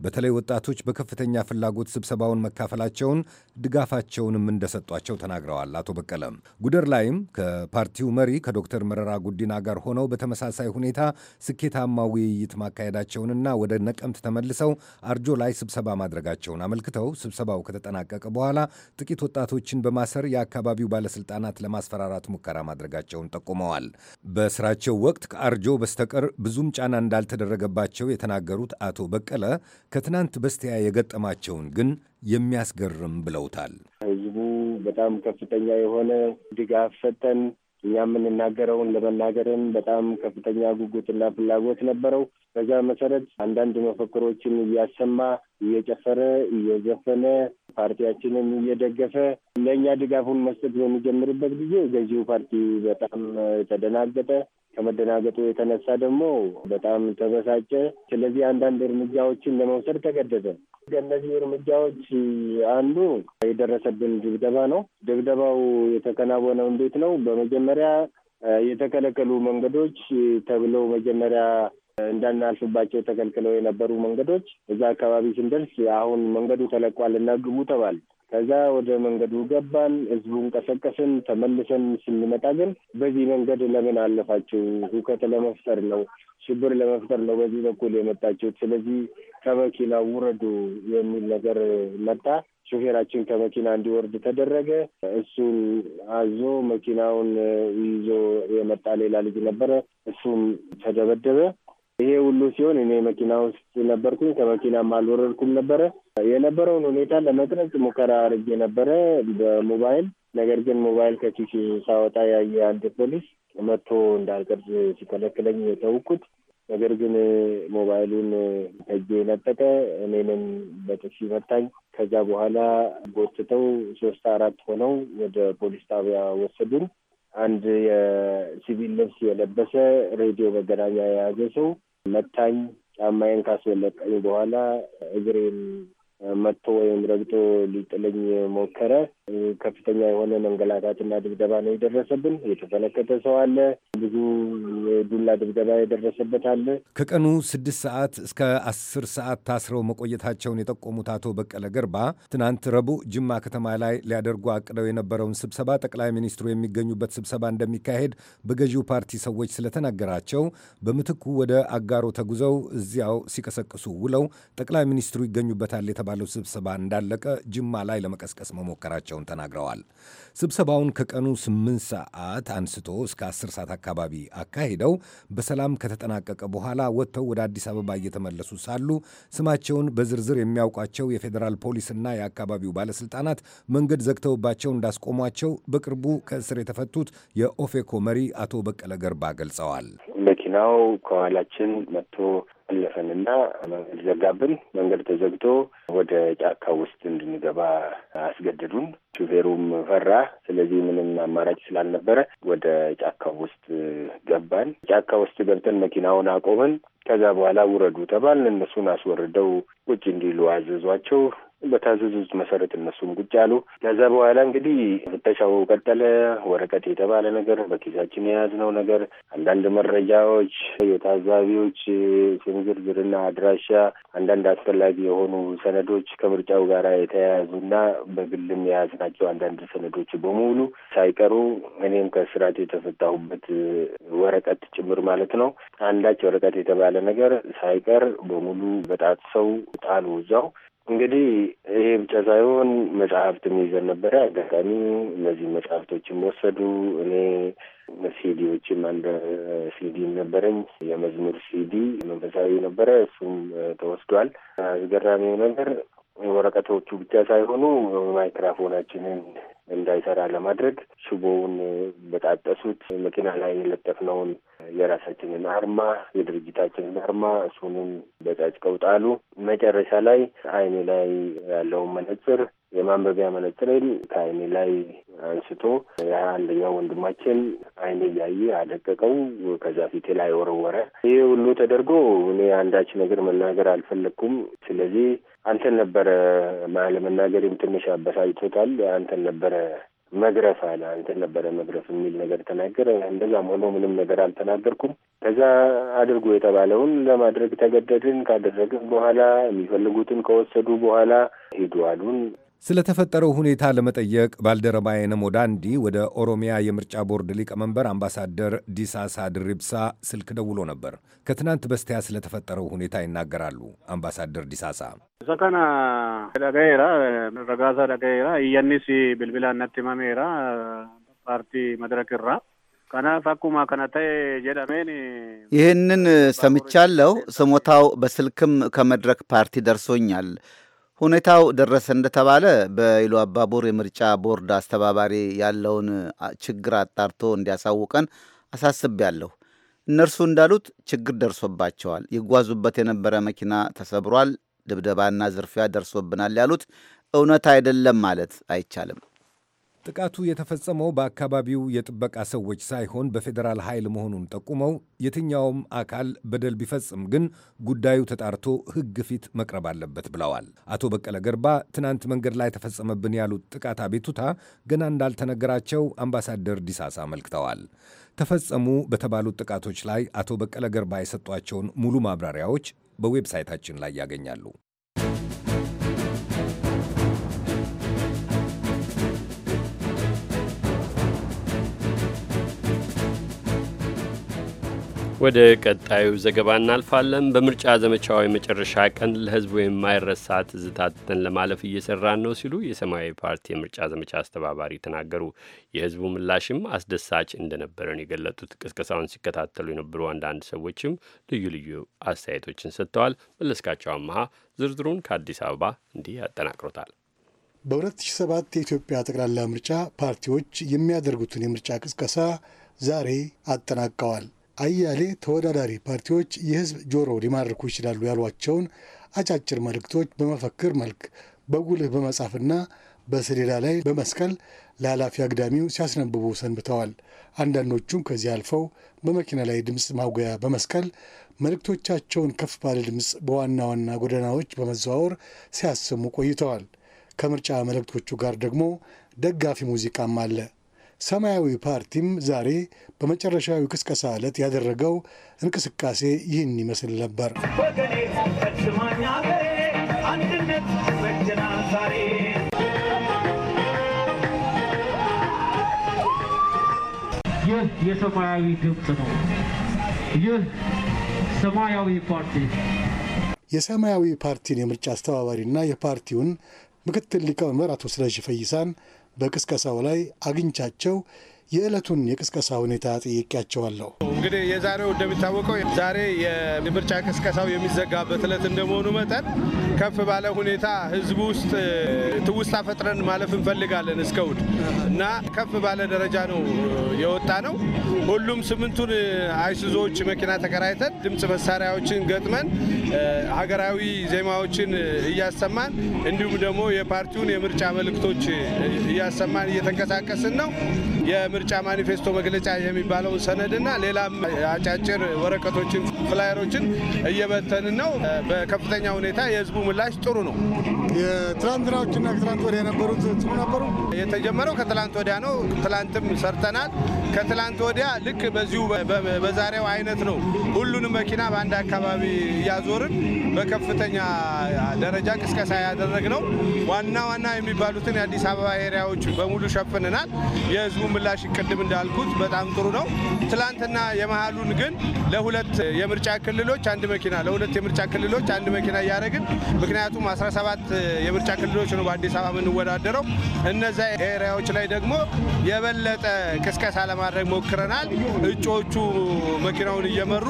በተለይ ወጣቶች በከፍተኛ ፍላጎት ስብሰባውን መካፈላቸውን ድጋፋቸውንም እንደሰጧቸው ተናግረዋል። አቶ በቀለም ጉደር ላይም ከፓርቲው መሪ ከዶክተር መረራ ጉዲና ጋር ሆነው በተመሳሳይ ሁኔታ ስኬታማ ውይይት ማካሄዳቸውንና ወደ ነቀምት ተመልሰው አርጆ ላይ ስብሰባ ማድረጋቸውን አመልክተው ስብሰባው ከተጠናቀቀ በኋላ ጥቂት ወጣቶችን በማሰር የአካባቢው ባለስልጣናት ለማስፈራራት ሙከራ ማድረጋቸውን ጠቁመዋል። በስራቸው ወቅት ከአርጆ በስተቀር ብዙም ጫና እንዳልተደረገባቸው የተናገሩት አቶ በቀለ ከትናንት በስቲያ የገጠማቸውን ግን የሚያስገርም ብለውታል። ህዝቡ በጣም ከፍተኛ የሆነ ድጋፍ ሰጠን። እኛ የምንናገረውን ለመናገርም በጣም ከፍተኛ ጉጉትና ፍላጎት ነበረው። በዛ መሰረት አንዳንድ መፈክሮችን እያሰማ እየጨፈረ እየዘፈነ ፓርቲያችንን እየደገፈ ለእኛ ድጋፉን መስጠት በሚጀምርበት ጊዜ ገዢው ፓርቲ በጣም ተደናገጠ። ከመደናገጡ የተነሳ ደግሞ በጣም ተበሳጨ። ስለዚህ አንዳንድ እርምጃዎችን ለመውሰድ ተገደደ። ከእነዚህ እርምጃዎች አንዱ የደረሰብን ድብደባ ነው። ድብደባው የተከናወነው እንዴት ነው? በመጀመሪያ የተከለከሉ መንገዶች ተብለው መጀመሪያ እንዳናልፍባቸው ተከልክለው የነበሩ መንገዶች እዛ አካባቢ ስንደርስ አሁን መንገዱ ተለቋል እና ግቡ ተባል ከዛ ወደ መንገዱ ገባን፣ ህዝቡ እንቀሰቀስን። ተመልሰን ስንመጣ ግን በዚህ መንገድ ለምን አለፋችሁ? ሁከት ለመፍጠር ነው፣ ሽብር ለመፍጠር ነው በዚህ በኩል የመጣችሁት። ስለዚህ ከመኪና ውረዱ የሚል ነገር መጣ። ሾፌራችን ከመኪና እንዲወርድ ተደረገ። እሱን አዞ መኪናውን ይዞ የመጣ ሌላ ልጅ ነበረ። እሱም ተደበደበ። ይሄ ሁሉ ሲሆን እኔ መኪና ውስጥ ነበርኩኝ፣ ከመኪናም አልወረድኩም ነበረ የነበረውን ሁኔታ ለመቅረጽ ሙከራ አድርጌ ነበረ በሞባይል ነገር ግን ሞባይል ከኪሴ ሳወጣ ያየ አንድ ፖሊስ መጥቶ እንዳልቀርጽ ሲከለክለኝ የተውኩት። ነገር ግን ሞባይሉን ከእጄ ነጠቀ። እኔንም በጥፊ መታኝ። ከዛ በኋላ ጎትተው ሶስት አራት ሆነው ወደ ፖሊስ ጣቢያ ወሰዱን። አንድ የሲቪል ልብስ የለበሰ ሬዲዮ መገናኛ የያዘ ሰው መታኝ። ጫማዬን ካስወለቀኝ በኋላ እግሬን መጥቶ ወይም ረግጦ ሊጥለኝ ሞከረ። ከፍተኛ የሆነ መንገላታትና ድብደባ ነው የደረሰብን። የተፈነከተ ሰው አለ፣ ብዙ የዱላ ድብደባ የደረሰበት አለ። ከቀኑ ስድስት ሰዓት እስከ አስር ሰዓት ታስረው መቆየታቸውን የጠቆሙት አቶ በቀለ ገርባ ትናንት ረቡዕ ጅማ ከተማ ላይ ሊያደርጉ አቅደው የነበረውን ስብሰባ ጠቅላይ ሚኒስትሩ የሚገኙበት ስብሰባ እንደሚካሄድ በገዢው ፓርቲ ሰዎች ስለተናገራቸው በምትኩ ወደ አጋሮ ተጉዘው እዚያው ሲቀሰቅሱ ውለው ጠቅላይ ሚኒስትሩ ይገኙበታል የተባለው ስብሰባ እንዳለቀ ጅማ ላይ ለመቀስቀስ መሞከራቸውን ተናግረዋል። ስብሰባውን ከቀኑ 8 ሰዓት አንስቶ እስከ 10 ሰዓት አካባቢ አካሂደው በሰላም ከተጠናቀቀ በኋላ ወጥተው ወደ አዲስ አበባ እየተመለሱ ሳሉ ስማቸውን በዝርዝር የሚያውቋቸው የፌዴራል ፖሊስና የአካባቢው ባለሥልጣናት መንገድ ዘግተውባቸው እንዳስቆሟቸው በቅርቡ ከእስር የተፈቱት የኦፌኮ መሪ አቶ በቀለ ገርባ ገልጸዋል። መኪናው ከኋላችን መጥቶ አለፈን መንገድ ዘጋብን። መንገድ ተዘግቶ ወደ ጫካ ውስጥ እንድንገባ አስገደዱን። ሹፌሩም ፈራ። ስለዚህ ምንም አማራጭ ስላልነበረ ወደ ጫካ ውስጥ ገባን። ጫካ ውስጥ ገብተን መኪናውን አቆምን። ከዛ በኋላ ውረዱ ተባልን። እነሱን አስወርደው ቁጭ እንዲሉ አዘዟቸው። በታዘዙት መሰረት እነሱም ቁጭ አሉ። ከዛ በኋላ እንግዲህ ፍተሻው ቀጠለ። ወረቀት የተባለ ነገር፣ በኪሳችን የያዝነው ነገር፣ አንዳንድ መረጃዎች፣ የታዛቢዎች ስም ዝርዝርና አድራሻ፣ አንዳንድ አስፈላጊ የሆኑ ሰነዶች ከምርጫው ጋር የተያያዙና በግልም የያዝናቸው አንዳንድ ሰነዶች በሙሉ ሳይቀሩ እኔም ከስርዓት የተፈታሁበት ወረቀት ጭምር ማለት ነው። አንዳች ወረቀት የተባለ ነገር ሳይቀር በሙሉ በጣት ሰው ጣሉ እዛው እንግዲህ ይሄ ብቻ ሳይሆን መጽሐፍትም ይዘን ነበረ። አጋጣሚ እነዚህ መጽሐፍቶችም ወሰዱ። እኔ ሲዲዎችም አንድ ሲዲ ነበረኝ፣ የመዝሙር ሲዲ መንፈሳዊ ነበረ። እሱም ተወስዷል። አስገራሚው ነገር ወረቀቶቹ ብቻ ሳይሆኑ ማይክራፎናችንን እንዳይሰራ ለማድረግ ሽቦውን በጣጠሱት። መኪና ላይ የለጠፍነውን የራሳችንን አርማ የድርጅታችንን አርማ እሱንም በጫጭቀው ጣሉ። መጨረሻ ላይ አይኔ ላይ ያለውን መነጽር የማንበቢያ መነጽሬን ከአይኔ ላይ አንስቶ አንደኛው ወንድማችን አይን እያየ አደቀቀው። ከዛ ፊቴ ላይ ወረወረ። ይህ ሁሉ ተደርጎ እኔ አንዳች ነገር መናገር አልፈለግኩም። ስለዚህ አንተን ነበረ መናገርም ትንሽ አበሳጭቶታል። አንተን ነበረ መግረፍ አለ። አንተን ነበረ መግረፍ የሚል ነገር ተናገረ። እንደዛም ሆኖ ምንም ነገር አልተናገርኩም። ከዛ አድርጎ የተባለውን ለማድረግ ተገደድን። ካደረግን በኋላ የሚፈልጉትን ከወሰዱ በኋላ ሂዱ አሉን። ስለተፈጠረው ሁኔታ ለመጠየቅ ባልደረባዬ ነሞ ዳንዲ ወደ ኦሮሚያ የምርጫ ቦርድ ሊቀመንበር አምባሳደር ዲሳሳ ድሪብሳ ስልክ ደውሎ ነበር። ከትናንት በስቲያ ስለተፈጠረው ሁኔታ ይናገራሉ። አምባሳደር ዲሳሳ ሰከና ደገራ ረጋሳ ደገራ እያኒስ ብልብላ ነትማሜራ ፓርቲ መድረክ ራ ይህንን ሰምቻለሁ። ስሞታው በስልክም ከመድረክ ፓርቲ ደርሶኛል። ሁኔታው ደረሰ እንደተባለ በኢሉ አባቡር የምርጫ ቦርድ አስተባባሪ ያለውን ችግር አጣርቶ እንዲያሳውቀን አሳስቤያለሁ። እነርሱ እንዳሉት ችግር ደርሶባቸዋል። ይጓዙበት የነበረ መኪና ተሰብሯል፣ ድብደባና ዝርፊያ ደርሶብናል ያሉት እውነት አይደለም ማለት አይቻልም። ጥቃቱ የተፈጸመው በአካባቢው የጥበቃ ሰዎች ሳይሆን በፌዴራል ኃይል መሆኑን ጠቁመው የትኛውም አካል በደል ቢፈጽም ግን ጉዳዩ ተጣርቶ ሕግ ፊት መቅረብ አለበት ብለዋል። አቶ በቀለ ገርባ ትናንት መንገድ ላይ ተፈጸመብን ያሉት ጥቃት አቤቱታ ገና እንዳልተነገራቸው አምባሳደር ዲሳሳ አመልክተዋል። ተፈጸሙ በተባሉት ጥቃቶች ላይ አቶ በቀለ ገርባ የሰጧቸውን ሙሉ ማብራሪያዎች በዌብሳይታችን ላይ ያገኛሉ። ወደ ቀጣዩ ዘገባ እናልፋለን። በምርጫ ዘመቻው የመጨረሻ ቀን ለህዝቡ የማይረሳ ትዝታትን ለማለፍ እየሰራን ነው ሲሉ የሰማያዊ ፓርቲ የምርጫ ዘመቻ አስተባባሪ ተናገሩ። የህዝቡ ምላሽም አስደሳች እንደነበረን የገለጡት ቅስቀሳውን ሲከታተሉ የነበሩ አንዳንድ ሰዎችም ልዩ ልዩ አስተያየቶችን ሰጥተዋል። መለስካቸው አመሀ ዝርዝሩን ከአዲስ አበባ እንዲህ ያጠናቅሮታል። በ2007 የኢትዮጵያ ጠቅላላ ምርጫ ፓርቲዎች የሚያደርጉትን የምርጫ ቅስቀሳ ዛሬ አጠናቀዋል። አያሌ ተወዳዳሪ ፓርቲዎች የህዝብ ጆሮ ሊማርኩ ይችላሉ ያሏቸውን አጫጭር መልእክቶች በመፈክር መልክ በጉልህ በመጻፍና በሰሌዳ ላይ በመስቀል ለኃላፊ አግዳሚው ሲያስነብቡ ሰንብተዋል። አንዳንዶቹም ከዚህ አልፈው በመኪና ላይ ድምፅ ማጉያ በመስቀል መልእክቶቻቸውን ከፍ ባለ ድምፅ በዋና ዋና ጎዳናዎች በመዘዋወር ሲያሰሙ ቆይተዋል። ከምርጫ መልእክቶቹ ጋር ደግሞ ደጋፊ ሙዚቃም አለ። ሰማያዊ ፓርቲም ዛሬ በመጨረሻዊ ቅስቀሳ ዕለት ያደረገው እንቅስቃሴ ይህን ይመስል ነበር። ይህ የሰማያዊ ድምፅ ነው። ይህ ሰማያዊ ፓርቲ የሰማያዊ ፓርቲን የምርጫ አስተባባሪና የፓርቲውን ምክትል ሊቀመንበር አቶ ስለሺ ፈይሳን በቅስቀሳው ላይ አግኝቻቸው የዕለቱን የቅስቀሳ ሁኔታ ጠይቄያቸዋለሁ። እንግዲህ የዛሬው እንደሚታወቀው ዛሬ የምርጫ ቅስቀሳው የሚዘጋበት ዕለት እንደመሆኑ መጠን ከፍ ባለ ሁኔታ ህዝቡ ውስጥ ትውስታ ፈጥረን ማለፍ እንፈልጋለን እስከ እና ከፍ ባለ ደረጃ ነው የወጣ ነው። ሁሉም ስምንቱን አይሱዞዎች መኪና ተከራይተን ድምፅ መሳሪያዎችን ገጥመን ሀገራዊ ዜማዎችን እያሰማን እንዲሁም ደግሞ የፓርቲውን የምርጫ መልእክቶች እያሰማን እየተንቀሳቀስን ነው። የምርጫ ማኒፌስቶ መግለጫ የሚባለውን ሰነድና ሌላም አጫጭር ወረቀቶችን፣ ፍላየሮችን እየበተንን ነው። በከፍተኛ ሁኔታ የህዝቡ ምላሽ ጥሩ ነው። የትላንትናዎችና ከትላንት ወዲያ የነበሩት ጥሩ ነበሩ። የተጀመረው ከትላንት ወዲያ ነው። ትላንትም ሰርተናል። ከትላንት ወዲያ ልክ በዚሁ በዛሬው አይነት ነው። ሁሉንም መኪና በአንድ አካባቢ እያዞርን በከፍተኛ ደረጃ ቅስቀሳ ነው ዋና ዋና የሚባሉትን የአዲስ አበባ ኤሪያዎች በሙሉ ሸፍንናል። የህዝቡ ምላሽ ቅድም እንዳልኩት በጣም ጥሩ ነው። ትላንትና የመሀሉን ግን ለሁለት የምርጫ ክልሎች አንድ መኪና ለሁለት የምርጫ ክልሎች አንድ መኪና እያደረግን ምክንያቱም 17 የምርጫ ክልሎች ነው በአዲስ አበባ የምንወዳደረው። እነዚያ ኤሪያዎች ላይ ደግሞ የበለጠ ቅስቀሳ ለማድረግ ሞክረናል። እጩዎቹ መኪናውን እየመሩ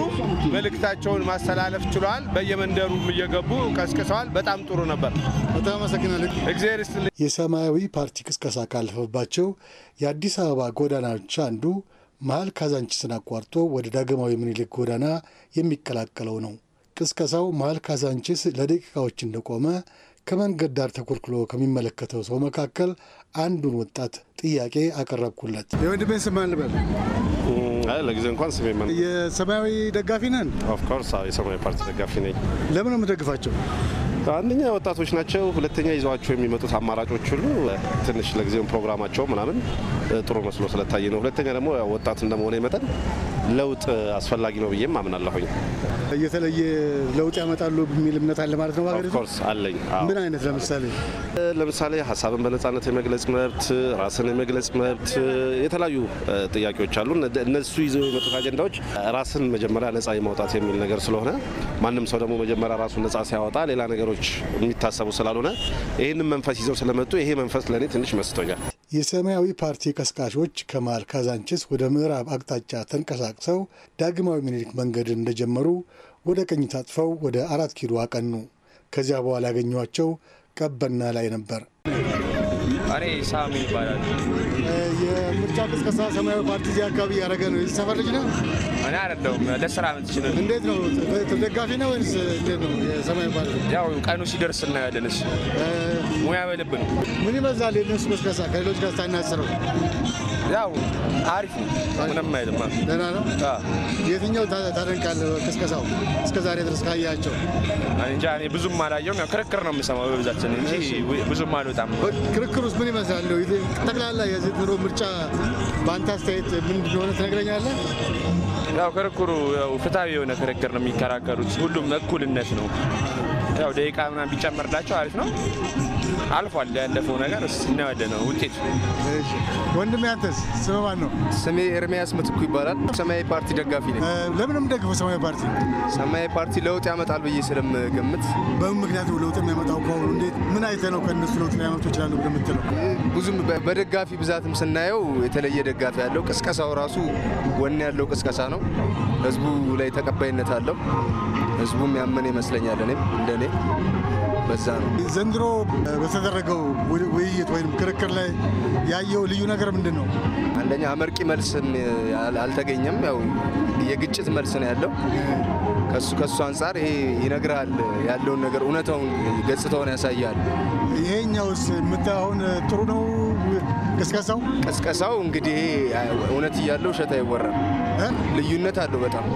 መልእክታቸውን ማስተላለፍ ችሏል። በየመንደሩም እየገቡ ቀስቅሰዋል። በጣም ጥሩ ነበር። በጣም አመሰግናለሁ። እግዚአብሔር ይስጥልኝ። የሰማያዊ ፓርቲ ቅስቀሳ ካለፈባቸው የአዲስ አበባ ጎዳናዎች አንዱ መሀል ካዛንችስን አቋርጦ ወደ ዳግማዊ ምኒልክ ጎዳና የሚቀላቀለው ነው። ቅስቀሳው መሀል ካዛንችስ ለደቂቃዎች እንደቆመ ከመንገድ ዳር ተኮልኩሎ ከሚመለከተው ሰው መካከል አንዱን ወጣት ጥያቄ አቀረብኩለት። የወንድሜን ስም አልበል። ለጊዜ እንኳን ስሜ ማ የሰማያዊ ደጋፊ ነን? ኦፍኮርስ የሰማያዊ ፓርቲ ደጋፊ ነኝ። ለምን ነው የምደግፋቸው? አንደኛ ወጣቶች ናቸው፣ ሁለተኛ ይዘዋቸው የሚመጡት አማራጮች ሁሉ ትንሽ ለጊዜው ፕሮግራማቸው ምናምን ጥሩ መስሎ ስለታየ ነው። ሁለተኛ ደግሞ ወጣት እንደመሆነ መጠን ለውጥ አስፈላጊ ነው ብዬም አምናለሁኝ። የተለየ ለውጥ ያመጣሉ የሚል እምነት አለ ማለት ነው። ኦፍኮርስ አለኝ። ምን አይነት ለምሳሌ ለምሳሌ ሀሳብን በነጻነት የመግለጽ መብት፣ ራስን የመግለጽ መብት፣ የተለያዩ ጥያቄዎች አሉ። እነሱ ይዘው የመጡት አጀንዳዎች ራስን መጀመሪያ ነጻ የማውጣት የሚል ነገር ስለሆነ ማንም ሰው ደግሞ መጀመሪያ ራሱን ነጻ ሲያወጣ ሌላ ነገር ነገሮች የሚታሰቡ ስላልሆነ ይህንን መንፈስ ይዘው ስለመጡ ይሄ መንፈስ ለእኔ ትንሽ መስቶኛል። የሰማያዊ ፓርቲ ቀስቃሾች ከመሃል ካዛንችስ ወደ ምዕራብ አቅጣጫ ተንቀሳቅሰው ዳግማዊ ምኒልክ መንገድን እንደጀመሩ ወደ ቀኝ ታጥፈው ወደ አራት ኪሎ አቀኑ። ከዚያ በኋላ ያገኟቸው ቀበና ላይ ነበር። ሳሚ ይባላል። የምርጫ ቅስቀሳ ሰማያዊ ፓርቲ እዚህ አካባቢ እያደረገ ነው። ሰፈር ልጅ ነው እኔ አይደለሁም ለስራ መጥቼ ነው። እንዴት ነው ተደጋፊ ነው ወይስ እንዴት ነው? የሰማይ ባለ ያው ቀኑ ሲደርስ እናያለን። እሱ ሙያ በልብ ነው። ምን ይመስላል የእነሱ መስከሳ ከሌሎች ጋር ስታናስረው? ያው አሪፍ ነው። ምንም አይልም። ደህና ነው። የትኛው ታደንቃለህ? ቅስቀሳው እስከ ዛሬ ድረስ ካያቸው እንጃ እኔ ብዙም አላየሁም። ያው ክርክር ነው የምሰማው በብዛት እንጂ ብዙም አልወጣም። ክርክር ውስጥ ምን ይመስላል? ጠቅላላ የዘንድሮ ምርጫ በአንተ አስተያየት ምን እንደሆነ ትነግረኛለህ? ያው ክርክሩ ፍትሐዊ የሆነ ክርክር ነው የሚከራከሩት። ሁሉም እኩልነት ነው። ያው ደቂቃ ምናምን ቢጨመርላቸው አሪፍ ነው። አልፏል። ያለፈው ነገር እናየዋለን ነው ውጤቱ። ወንድም ያንተስ ስም ማን ነው? ስሜ ኤርሚያስ ምትኩ ይባላል። ሰማያዊ ፓርቲ ደጋፊ ነኝ። ለምንም የምደግፈው ሰማያዊ ፓርቲ? ሰማያዊ ፓርቲ ለውጥ ያመጣል ብዬ ስለምገምት። በምን ምክንያት ነው ለውጥ የሚያመጣው ከሆኑ እንዴት ምን አይተ ነው ከእነሱ ለውጥ ሊያመጡ ይችላሉ የምትለው? ብዙም በደጋፊ ብዛትም ስናየው የተለየ ደጋፊ ያለው ቅስቀሳው ራሱ ወን ያለው ቅስቀሳ ነው። ህዝቡ ላይ ተቀባይነት አለው። ህዝቡም ያመን ይመስለኛል። እኔም እንደኔ በዛ ነው። ዘንድሮ በተደረገው ውይይት ወይም ክርክር ላይ ያየው ልዩ ነገር ምንድን ነው? አንደኛ አመርቂ መልስም አልተገኘም። ያው የግጭት መልስ ነው ያለው። ከሱ ከሱ አንጻር ይሄ ይነግራል ያለውን ነገር እውነታውን ገጽታውን ያሳያል። ይሄኛውስ የምታሁን ጥሩ ነው። ቅስቀሳው ቅስቀሳው እንግዲህ እውነት እያለው ውሸት አይወራም። ልዩነት አለው በጣም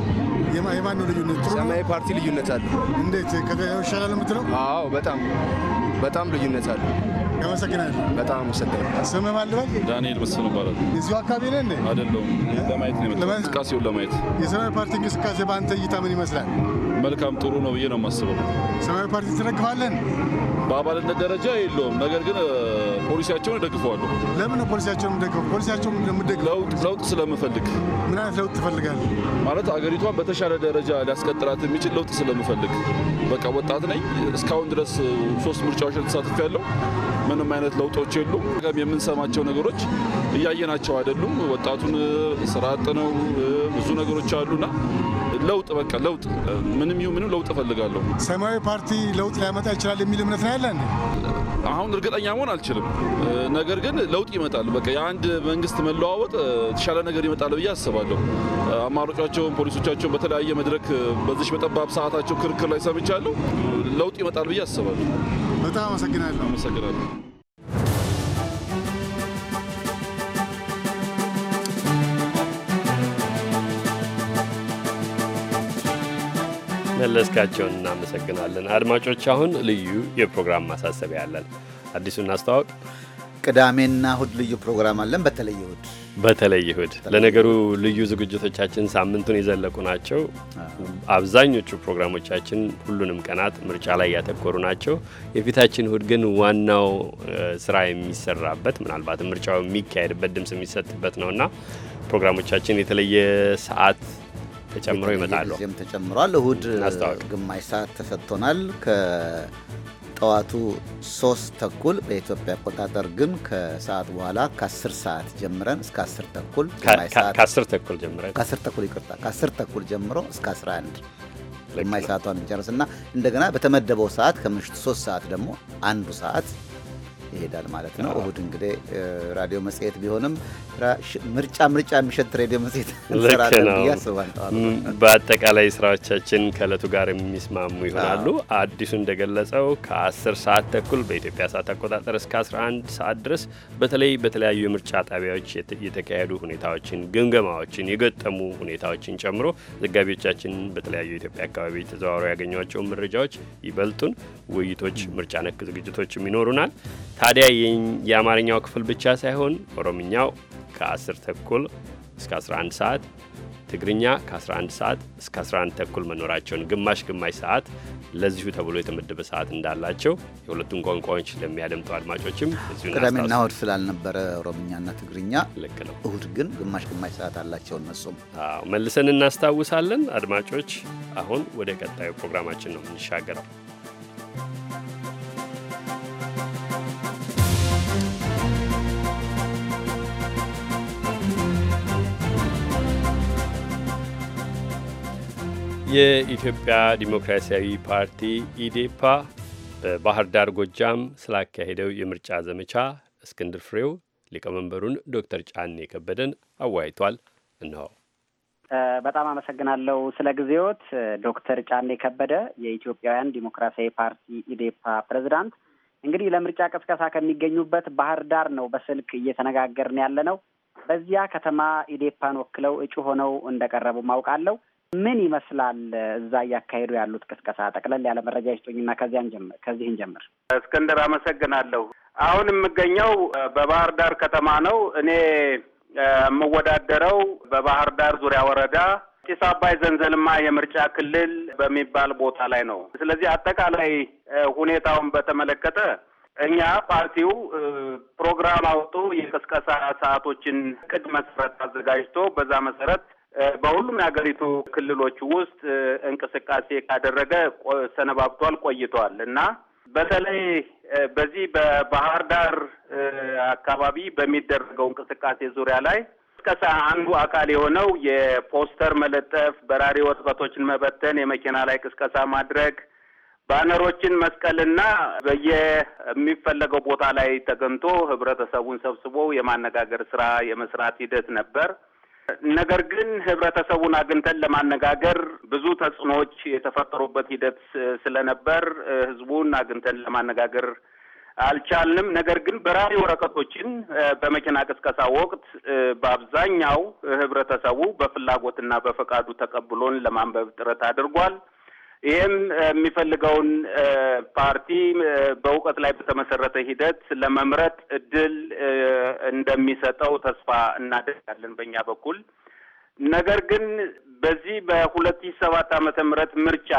የማን ነው ልዩነት? ሰማያዊ ፓርቲ ልዩነት አለ። እንዴት ከሌላው ይሻላል የምትለው? አዎ በጣም በጣም ልዩነት አለ። ያመሰግናል። በጣም አመሰግናል። ስም ማን ልበል? ዳንኤል መስፍን ይባላል። እዚሁ አካባቢ ነህ እንዴ? አይደለሁም። ለማየት ነው የመጣሁት፣ እንቅስቃሴውን ለማየት። የሰማያዊ ፓርቲ እንቅስቃሴ በአንተ እይታ ምን ይመስላል? መልካም ጥሩ ነው ብዬ ነው የማስበው። ሰማያዊ ፓርቲ ትደግፋለህ? በአባልነት ደረጃ የለውም፣ ነገር ግን ፖሊሲያቸውን እደግፈዋለሁ። ለምን ነው ፖሊሲያቸውን የምደግፈው? ፖሊሲያቸውን የምደግፈው ለውጥ ለውጥ ስለምፈልግ። ምን አይነት ለውጥ ትፈልጋለህ? ማለት አገሪቷን በተሻለ ደረጃ ሊያስቀጥላት የሚችል ለውጥ ስለምፈልግ። በቃ ወጣት ነኝ። እስካሁን ድረስ ሶስት ምርጫዎች ተሳትፍ ያለው ምንም አይነት ለውጦች የሉም። የምንሰማቸው ነገሮች እያየናቸው አይደሉም። ወጣቱን ስራ አጥ ነው። ብዙ ነገሮች አሉና ለውጥ በቃ ለውጥ ምንም ይሁን ምንም ለውጥ እፈልጋለሁ። ሰማያዊ ፓርቲ ለውጥ ሊያመጣ ይችላል የሚል እምነት ነው ያለ አሁን እርግጠኛ መሆን አልችልም። ነገር ግን ለውጥ ይመጣል። በቃ የአንድ መንግስት መለዋወጥ የተሻለ ነገር ይመጣል ብዬ አስባለሁ። አማራጮቻቸውን፣ ፖሊሶቻቸውን በተለያየ መድረክ በዚች በጠባብ ሰዓታቸው ክርክር ላይ ሰምቻለሁ። ለውጥ ይመጣል ብዬ አስባለሁ። በጣም አመሰግናለሁ። አመሰግናለሁ። መለስካቸውን እናመሰግናለን። አድማጮች፣ አሁን ልዩ የፕሮግራም ማሳሰቢያ ያለን አዲሱን እናስተዋወቅ። ቅዳሜና እሁድ ልዩ ፕሮግራም አለን። በተለይ እሁድ በተለይ እሁድ። ለነገሩ ልዩ ዝግጅቶቻችን ሳምንቱን የዘለቁ ናቸው። አብዛኞቹ ፕሮግራሞቻችን ሁሉንም ቀናት ምርጫ ላይ ያተኮሩ ናቸው። የፊታችን እሁድ ግን ዋናው ስራ የሚሰራበት ምናልባትም ምርጫው የሚካሄድበት ድምፅ የሚሰጥበት ነውና ፕሮግራሞቻችን የተለየ ሰዓት ተጨምሮ ይመጣሉ። ጊዜም ተጨምሯል። እሁድ ግማሽ ሰዓት ተሰጥቶናል። ከጠዋቱ ሶስት ተኩል በኢትዮጵያ አቆጣጠር ግን ከሰዓት በኋላ ከአስር ሰዓት ጀምረን እስከ አስር ተኩል ከአስር ተኩል ጀምረን ከአስር ተኩል ይቅርታ፣ ከአስር ተኩል ጀምሮ እስከ አስራ አንድ ግማሽ ሰዓቷን እንጨርስና እንደገና በተመደበው ሰዓት ከምሽቱ ሶስት ሰዓት ደግሞ አንዱ ሰዓት ይሄዳል ማለት ነው። እሁድ እንግዲህ ራዲዮ መጽሔት ቢሆንም ምርጫ ምርጫ የሚሸት ሬዲዮ መጽሔት እንሰራለን ብዬ አስባለሁ። በአጠቃላይ ስራዎቻችን ከእለቱ ጋር የሚስማሙ ይሆናሉ። አዲሱ እንደገለጸው ከ10 ሰዓት ተኩል በኢትዮጵያ ሰዓት አቆጣጠር እስከ 11 ሰዓት ድረስ በተለይ በተለያዩ የምርጫ ጣቢያዎች የተካሄዱ ሁኔታዎችን፣ ግምገማዎችን፣ የገጠሙ ሁኔታዎችን ጨምሮ ዘጋቢዎቻችን በተለያዩ የኢትዮጵያ አካባቢ ተዘዋውረው ያገኟቸውን መረጃዎች ይበልጡን ውይይቶች፣ ምርጫ ነክ ዝግጅቶችም ይኖሩናል። ታዲያ የአማርኛው ክፍል ብቻ ሳይሆን ኦሮምኛው ከ10 ተኩል እስከ 11 ሰዓት፣ ትግርኛ ከ11 ሰዓት እስከ 11 ተኩል መኖራቸውን ግማሽ ግማሽ ሰዓት ለዚሁ ተብሎ የተመደበ ሰዓት እንዳላቸው የሁለቱን ቋንቋዎች ለሚያደምጡ አድማጮችም ቅዳሜና እሁድ ስላልነበረ ኦሮምኛና ትግርኛ ልክ ነው። እሁድ ግን ግማሽ ግማሽ ሰዓት አላቸው እነሱም። መልሰን እናስታውሳለን አድማጮች። አሁን ወደ ቀጣዩ ፕሮግራማችን ነው የምንሻገረው። የኢትዮጵያ ዲሞክራሲያዊ ፓርቲ ኢዴፓ በባህር ዳር ጎጃም ስላካሄደው የምርጫ ዘመቻ እስክንድር ፍሬው ሊቀመንበሩን ዶክተር ጫኔ ከበደን አወያይቷል። እንሆ። በጣም አመሰግናለሁ ስለ ጊዜዎት ዶክተር ጫኔ ከበደ የኢትዮጵያውያን ዲሞክራሲያዊ ፓርቲ ኢዴፓ ፕሬዝዳንት። እንግዲህ ለምርጫ ቀስቀሳ ከሚገኙበት ባህር ዳር ነው በስልክ እየተነጋገርን ያለ ነው። በዚያ ከተማ ኢዴፓን ወክለው እጩ ሆነው እንደቀረቡ ማውቃለሁ። ምን ይመስላል እዛ እያካሄዱ ያሉት ቅስቀሳ? ጠቅለል ያለ መረጃ ይስጡኝና ከዚያን ጀምር ከዚህን ጀምር። እስክንድር አመሰግናለሁ። አሁን የምገኘው በባህር ዳር ከተማ ነው። እኔ የምወዳደረው በባህር ዳር ዙሪያ ወረዳ ጢስ አባይ ዘንዘልማ የምርጫ ክልል በሚባል ቦታ ላይ ነው። ስለዚህ አጠቃላይ ሁኔታውን በተመለከተ እኛ ፓርቲው ፕሮግራም አውጡ የቅስቀሳ ሰዓቶችን ቅድ መሰረት አዘጋጅቶ በዛ መሰረት በሁሉም የሀገሪቱ ክልሎች ውስጥ እንቅስቃሴ ካደረገ ሰነባብቷል፣ ቆይተዋል እና በተለይ በዚህ በባህር ዳር አካባቢ በሚደረገው እንቅስቃሴ ዙሪያ ላይ ቅስቀሳ አንዱ አካል የሆነው የፖስተር መለጠፍ፣ በራሪ ወረቀቶችን መበተን፣ የመኪና ላይ ቅስቀሳ ማድረግ፣ ባነሮችን መስቀልና በየሚፈለገው ቦታ ላይ ተገኝቶ ህብረተሰቡን ሰብስቦ የማነጋገር ስራ የመስራት ሂደት ነበር። ነገር ግን ህብረተሰቡን አግኝተን ለማነጋገር ብዙ ተጽዕኖዎች የተፈጠሩበት ሂደት ስለነበር ህዝቡን አግኝተን ለማነጋገር አልቻልንም። ነገር ግን በራሪ ወረቀቶችን በመኪና ቅስቀሳ ወቅት በአብዛኛው ህብረተሰቡ በፍላጎትና በፈቃዱ ተቀብሎን ለማንበብ ጥረት አድርጓል። ይህም የሚፈልገውን ፓርቲ በእውቀት ላይ በተመሰረተ ሂደት ለመምረጥ እድል እንደሚሰጠው ተስፋ እናደርጋለን በእኛ በኩል። ነገር ግን በዚህ በሁለት ሺህ ሰባት ዓመተ ምህረት ምርጫ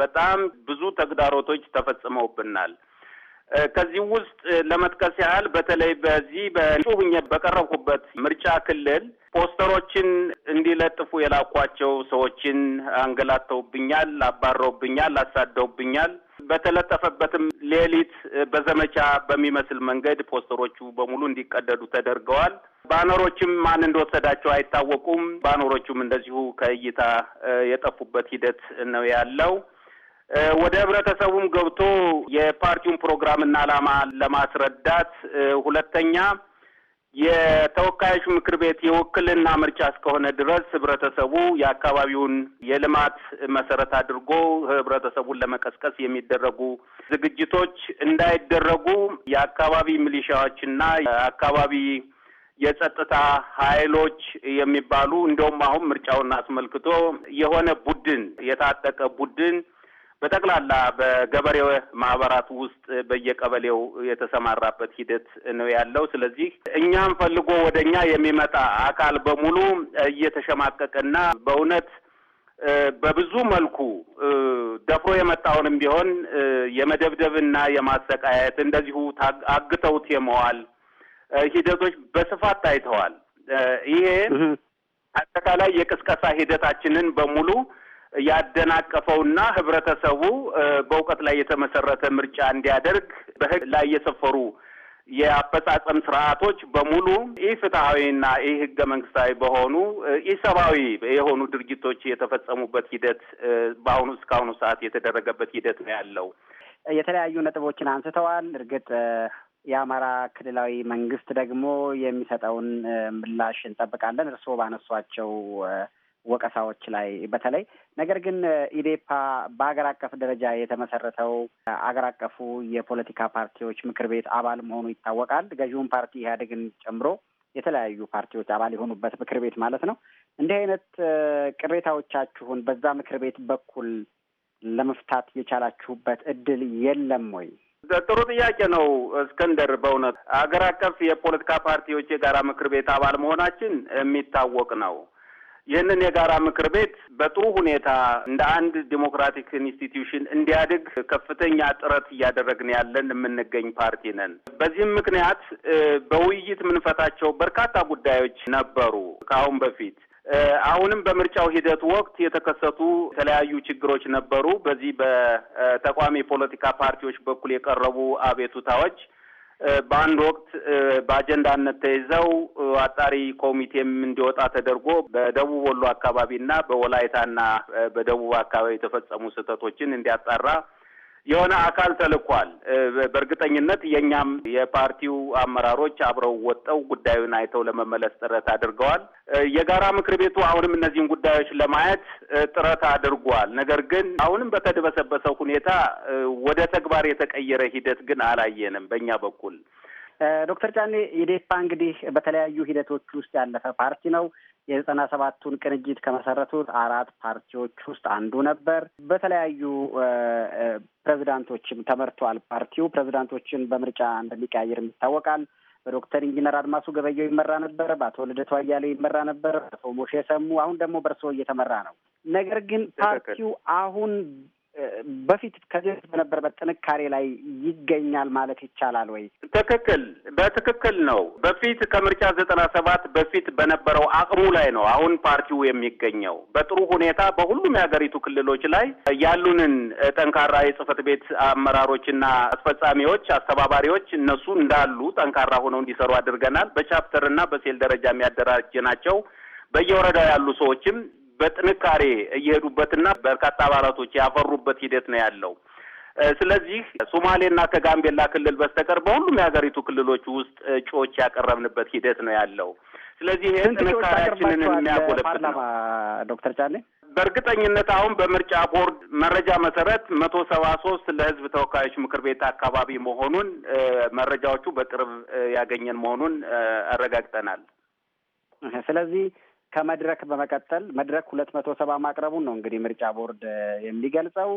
በጣም ብዙ ተግዳሮቶች ተፈጽመውብናል። ከዚህ ውስጥ ለመጥቀስ ያህል በተለይ በዚህ በጩሁኝ በቀረብኩበት ምርጫ ክልል ፖስተሮችን እንዲለጥፉ የላኳቸው ሰዎችን አንገላተውብኛል፣ አባረውብኛል፣ አሳደውብኛል። በተለጠፈበትም ሌሊት በዘመቻ በሚመስል መንገድ ፖስተሮቹ በሙሉ እንዲቀደዱ ተደርገዋል። ባነሮችም ማን እንደወሰዳቸው አይታወቁም። ባነሮቹም እንደዚሁ ከእይታ የጠፉበት ሂደት ነው ያለው። ወደ ህብረተሰቡም ገብቶ የፓርቲውን ፕሮግራምና አላማ ለማስረዳት፣ ሁለተኛ የተወካዮች ምክር ቤት የውክልና ምርጫ እስከሆነ ድረስ ህብረተሰቡ የአካባቢውን የልማት መሰረት አድርጎ ህብረተሰቡን ለመቀስቀስ የሚደረጉ ዝግጅቶች እንዳይደረጉ የአካባቢ ሚሊሻዎችና የአካባቢ የጸጥታ ኃይሎች የሚባሉ እንደውም አሁን ምርጫውን አስመልክቶ የሆነ ቡድን የታጠቀ ቡድን በጠቅላላ በገበሬው ማህበራት ውስጥ በየቀበሌው የተሰማራበት ሂደት ነው ያለው። ስለዚህ እኛም ፈልጎ ወደ እኛ የሚመጣ አካል በሙሉ እየተሸማቀቀና በእውነት በብዙ መልኩ ደፍሮ የመጣውንም ቢሆን የመደብደብና የማሰቃየት እንደዚሁ አግተውት የመዋል ሂደቶች በስፋት ታይተዋል። ይሄ አጠቃላይ የቅስቀሳ ሂደታችንን በሙሉ ያደናቀፈውና ህብረተሰቡ በእውቀት ላይ የተመሰረተ ምርጫ እንዲያደርግ በህግ ላይ የሰፈሩ የአፈጻጸም ስርዓቶች በሙሉ ኢፍትሐዊና ኢህገ መንግስታዊ በሆኑ ኢሰብአዊ የሆኑ ድርጊቶች የተፈጸሙበት ሂደት በአሁኑ እስካሁኑ ሰዓት የተደረገበት ሂደት ነው ያለው። የተለያዩ ነጥቦችን አንስተዋል። እርግጥ የአማራ ክልላዊ መንግስት ደግሞ የሚሰጠውን ምላሽ እንጠብቃለን። እርስዎ ባነሷቸው ወቀሳዎች ላይ በተለይ ነገር ግን ኢዴፓ በሀገር አቀፍ ደረጃ የተመሰረተው አገር አቀፉ የፖለቲካ ፓርቲዎች ምክር ቤት አባል መሆኑ ይታወቃል። ገዢውን ፓርቲ ኢህአዴግን ጨምሮ የተለያዩ ፓርቲዎች አባል የሆኑበት ምክር ቤት ማለት ነው። እንዲህ አይነት ቅሬታዎቻችሁን በዛ ምክር ቤት በኩል ለመፍታት የቻላችሁበት እድል የለም ወይ? ጥሩ ጥያቄ ነው እስክንድር። በእውነት አገር አቀፍ የፖለቲካ ፓርቲዎች የጋራ ምክር ቤት አባል መሆናችን የሚታወቅ ነው። ይህንን የጋራ ምክር ቤት በጥሩ ሁኔታ እንደ አንድ ዲሞክራቲክ ኢንስቲትዩሽን እንዲያድግ ከፍተኛ ጥረት እያደረግን ያለን የምንገኝ ፓርቲ ነን። በዚህም ምክንያት በውይይት የምንፈታቸው በርካታ ጉዳዮች ነበሩ ከአሁን በፊት አሁንም በምርጫው ሂደት ወቅት የተከሰቱ የተለያዩ ችግሮች ነበሩ። በዚህ በተቋሚ የፖለቲካ ፓርቲዎች በኩል የቀረቡ አቤቱታዎች በአንድ ወቅት በአጀንዳነት ተይዘው አጣሪ ኮሚቴም እንዲወጣ ተደርጎ በደቡብ ወሎ አካባቢና በወላይታና በደቡብ አካባቢ የተፈጸሙ ስህተቶችን እንዲያጣራ የሆነ አካል ተልኳል። በእርግጠኝነት የእኛም የፓርቲው አመራሮች አብረው ወጠው ጉዳዩን አይተው ለመመለስ ጥረት አድርገዋል። የጋራ ምክር ቤቱ አሁንም እነዚህን ጉዳዮች ለማየት ጥረት አድርጓል። ነገር ግን አሁንም በተደበሰበሰው ሁኔታ ወደ ተግባር የተቀየረ ሂደት ግን አላየንም በእኛ በኩል። ዶክተር ጫኔ ኢዴፓ እንግዲህ በተለያዩ ሂደቶች ውስጥ ያለፈ ፓርቲ ነው። የዘጠና ሰባቱን ቅንጅት ከመሰረቱት አራት ፓርቲዎች ውስጥ አንዱ ነበር። በተለያዩ ፕሬዚዳንቶችም ተመርቷል። ፓርቲው ፕሬዚዳንቶችን በምርጫ እንደሚቀያየር ይታወቃል። በዶክተር ኢንጂነር አድማሱ ገበየው ይመራ ነበር። በአቶ ልደቱ አያሌው ይመራ ነበር። በአቶ ሞሼ ሰሙ፣ አሁን ደግሞ በእርስዎ እየተመራ ነው። ነገር ግን ፓርቲው አሁን በፊት ከዚህ በነበረበት ጥንካሬ ላይ ይገኛል ማለት ይቻላል ወይ? ትክክል፣ በትክክል ነው። በፊት ከምርጫ ዘጠና ሰባት በፊት በነበረው አቅሙ ላይ ነው አሁን ፓርቲው የሚገኘው። በጥሩ ሁኔታ በሁሉም የሀገሪቱ ክልሎች ላይ ያሉንን ጠንካራ የጽህፈት ቤት አመራሮችና አስፈጻሚዎች፣ አስተባባሪዎች እነሱ እንዳሉ ጠንካራ ሆነው እንዲሰሩ አድርገናል። በቻፕተር እና በሴል ደረጃ የሚያደራጅ ናቸው። በየወረዳው ያሉ ሰዎችም በጥንካሬ እየሄዱበትና በርካታ አባላቶች ያፈሩበት ሂደት ነው ያለው። ስለዚህ ሶማሌና ከጋምቤላ ክልል በስተቀር በሁሉም የሀገሪቱ ክልሎች ውስጥ እጩዎች ያቀረብንበት ሂደት ነው ያለው። ስለዚህ ይህ ጥንካሬያችንን የሚያጎለብት ነው። ዶክተር ቻሌ በእርግጠኝነት አሁን በምርጫ ቦርድ መረጃ መሰረት መቶ ሰባ ሶስት ለህዝብ ተወካዮች ምክር ቤት አካባቢ መሆኑን መረጃዎቹ በቅርብ ያገኘን መሆኑን አረጋግጠናል። ስለዚህ ከመድረክ በመቀጠል መድረክ ሁለት መቶ ሰባ ማቅረቡን ነው እንግዲህ ምርጫ ቦርድ የሚገልጸው።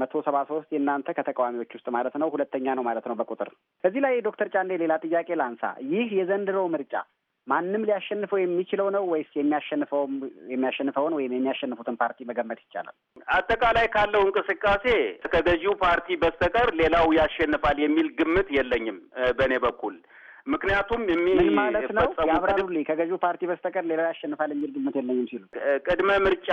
መቶ ሰባ ሶስት የእናንተ ከተቃዋሚዎች ውስጥ ማለት ነው፣ ሁለተኛ ነው ማለት ነው በቁጥር። እዚህ ላይ ዶክተር ጫንዴ ሌላ ጥያቄ ላንሳ። ይህ የዘንድሮ ምርጫ ማንም ሊያሸንፈው የሚችለው ነው ወይስ የሚያሸንፈውም የሚያሸንፈውን ወይም የሚያሸንፉትን ፓርቲ መገመት ይቻላል? አጠቃላይ ካለው እንቅስቃሴ ከገዢው ፓርቲ በስተቀር ሌላው ያሸንፋል የሚል ግምት የለኝም በእኔ በኩል ምክንያቱም የሚ ማለት ነው ያብራሩልኝ። ከገዢው ፓርቲ በስተቀር ሌላ ያሸንፋል የሚል ግምት የለኝም ሲሉ ቅድመ ምርጫ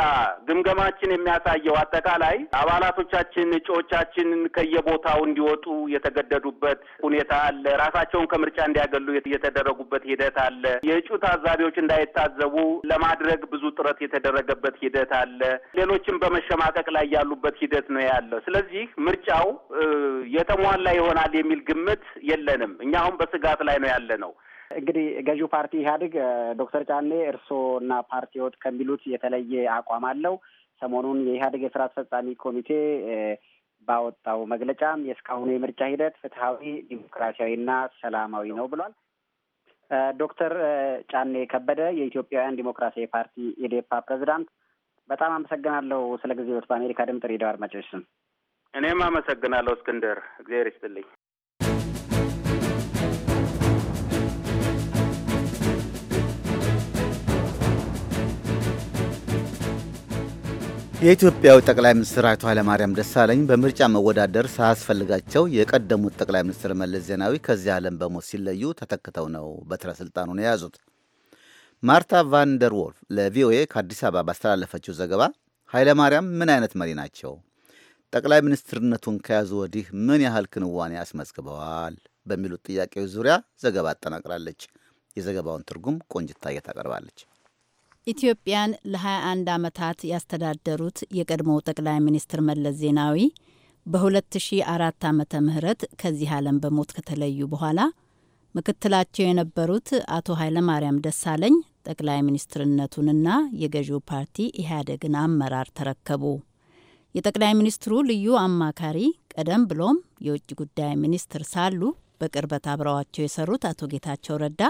ግምገማችን የሚያሳየው አጠቃላይ አባላቶቻችን እጩዎቻችን ከየቦታው እንዲወጡ የተገደዱበት ሁኔታ አለ። ራሳቸውን ከምርጫ እንዲያገሉ የተደረጉበት ሂደት አለ። የእጩ ታዛቢዎች እንዳይታዘቡ ለማድረግ ብዙ ጥረት የተደረገበት ሂደት አለ። ሌሎችም በመሸማቀቅ ላይ ያሉበት ሂደት ነው ያለው። ስለዚህ ምርጫው የተሟላ ይሆናል የሚል ግምት የለንም። እኛ አሁን በስጋት ላይ ነው ነው ያለ ነው። እንግዲህ ገዢው ፓርቲ ኢህአዴግ ዶክተር ጫኔ እርስዎ እና ፓርቲዎት ከሚሉት የተለየ አቋም አለው። ሰሞኑን የኢህአዴግ የስራ አስፈጻሚ ኮሚቴ ባወጣው መግለጫም የእስካሁኑ የምርጫ ሂደት ፍትሐዊ፣ ዲሞክራሲያዊና ሰላማዊ ነው ብሏል። ዶክተር ጫኔ ከበደ የኢትዮጵያውያን ዲሞክራሲያዊ ፓርቲ ኢዴፓ ፕሬዚዳንት፣ በጣም አመሰግናለሁ ስለ ጊዜዎት በአሜሪካ ድምፅ ሬዲዮ አድማጮች ስም እኔም አመሰግናለሁ። እስክንድር፣ እግዚአብሔር ይስጥልኝ። የኢትዮጵያው ጠቅላይ ሚኒስትር አቶ ኃይለማርያም ደሳለኝ በምርጫ መወዳደር ሳያስፈልጋቸው የቀደሙት ጠቅላይ ሚኒስትር መለስ ዜናዊ ከዚህ ዓለም በሞት ሲለዩ ተተክተው ነው በትረ ስልጣኑን የያዙት። ማርታ ቫንደር ወልፍ ለቪኦኤ ከአዲስ አበባ ባስተላለፈችው ዘገባ ኃይለማርያም ምን አይነት መሪ ናቸው? ጠቅላይ ሚኒስትርነቱን ከያዙ ወዲህ ምን ያህል ክንዋኔ አስመዝግበዋል? በሚሉት ጥያቄዎች ዙሪያ ዘገባ አጠናቅራለች። የዘገባውን ትርጉም ቆንጅታየ ታቀርባለች። ኢትዮጵያን ለ21 ዓመታት ያስተዳደሩት የቀድሞው ጠቅላይ ሚኒስትር መለስ ዜናዊ በ2004 ዓመተ ምህረት ከዚህ ዓለም በሞት ከተለዩ በኋላ ምክትላቸው የነበሩት አቶ ኃይለማርያም ደሳለኝ ጠቅላይ ሚኒስትርነቱንና የገዢው ፓርቲ ኢህአዴግን አመራር ተረከቡ። የጠቅላይ ሚኒስትሩ ልዩ አማካሪ ቀደም ብሎም የውጭ ጉዳይ ሚኒስትር ሳሉ በቅርበት አብረዋቸው የሰሩት አቶ ጌታቸው ረዳ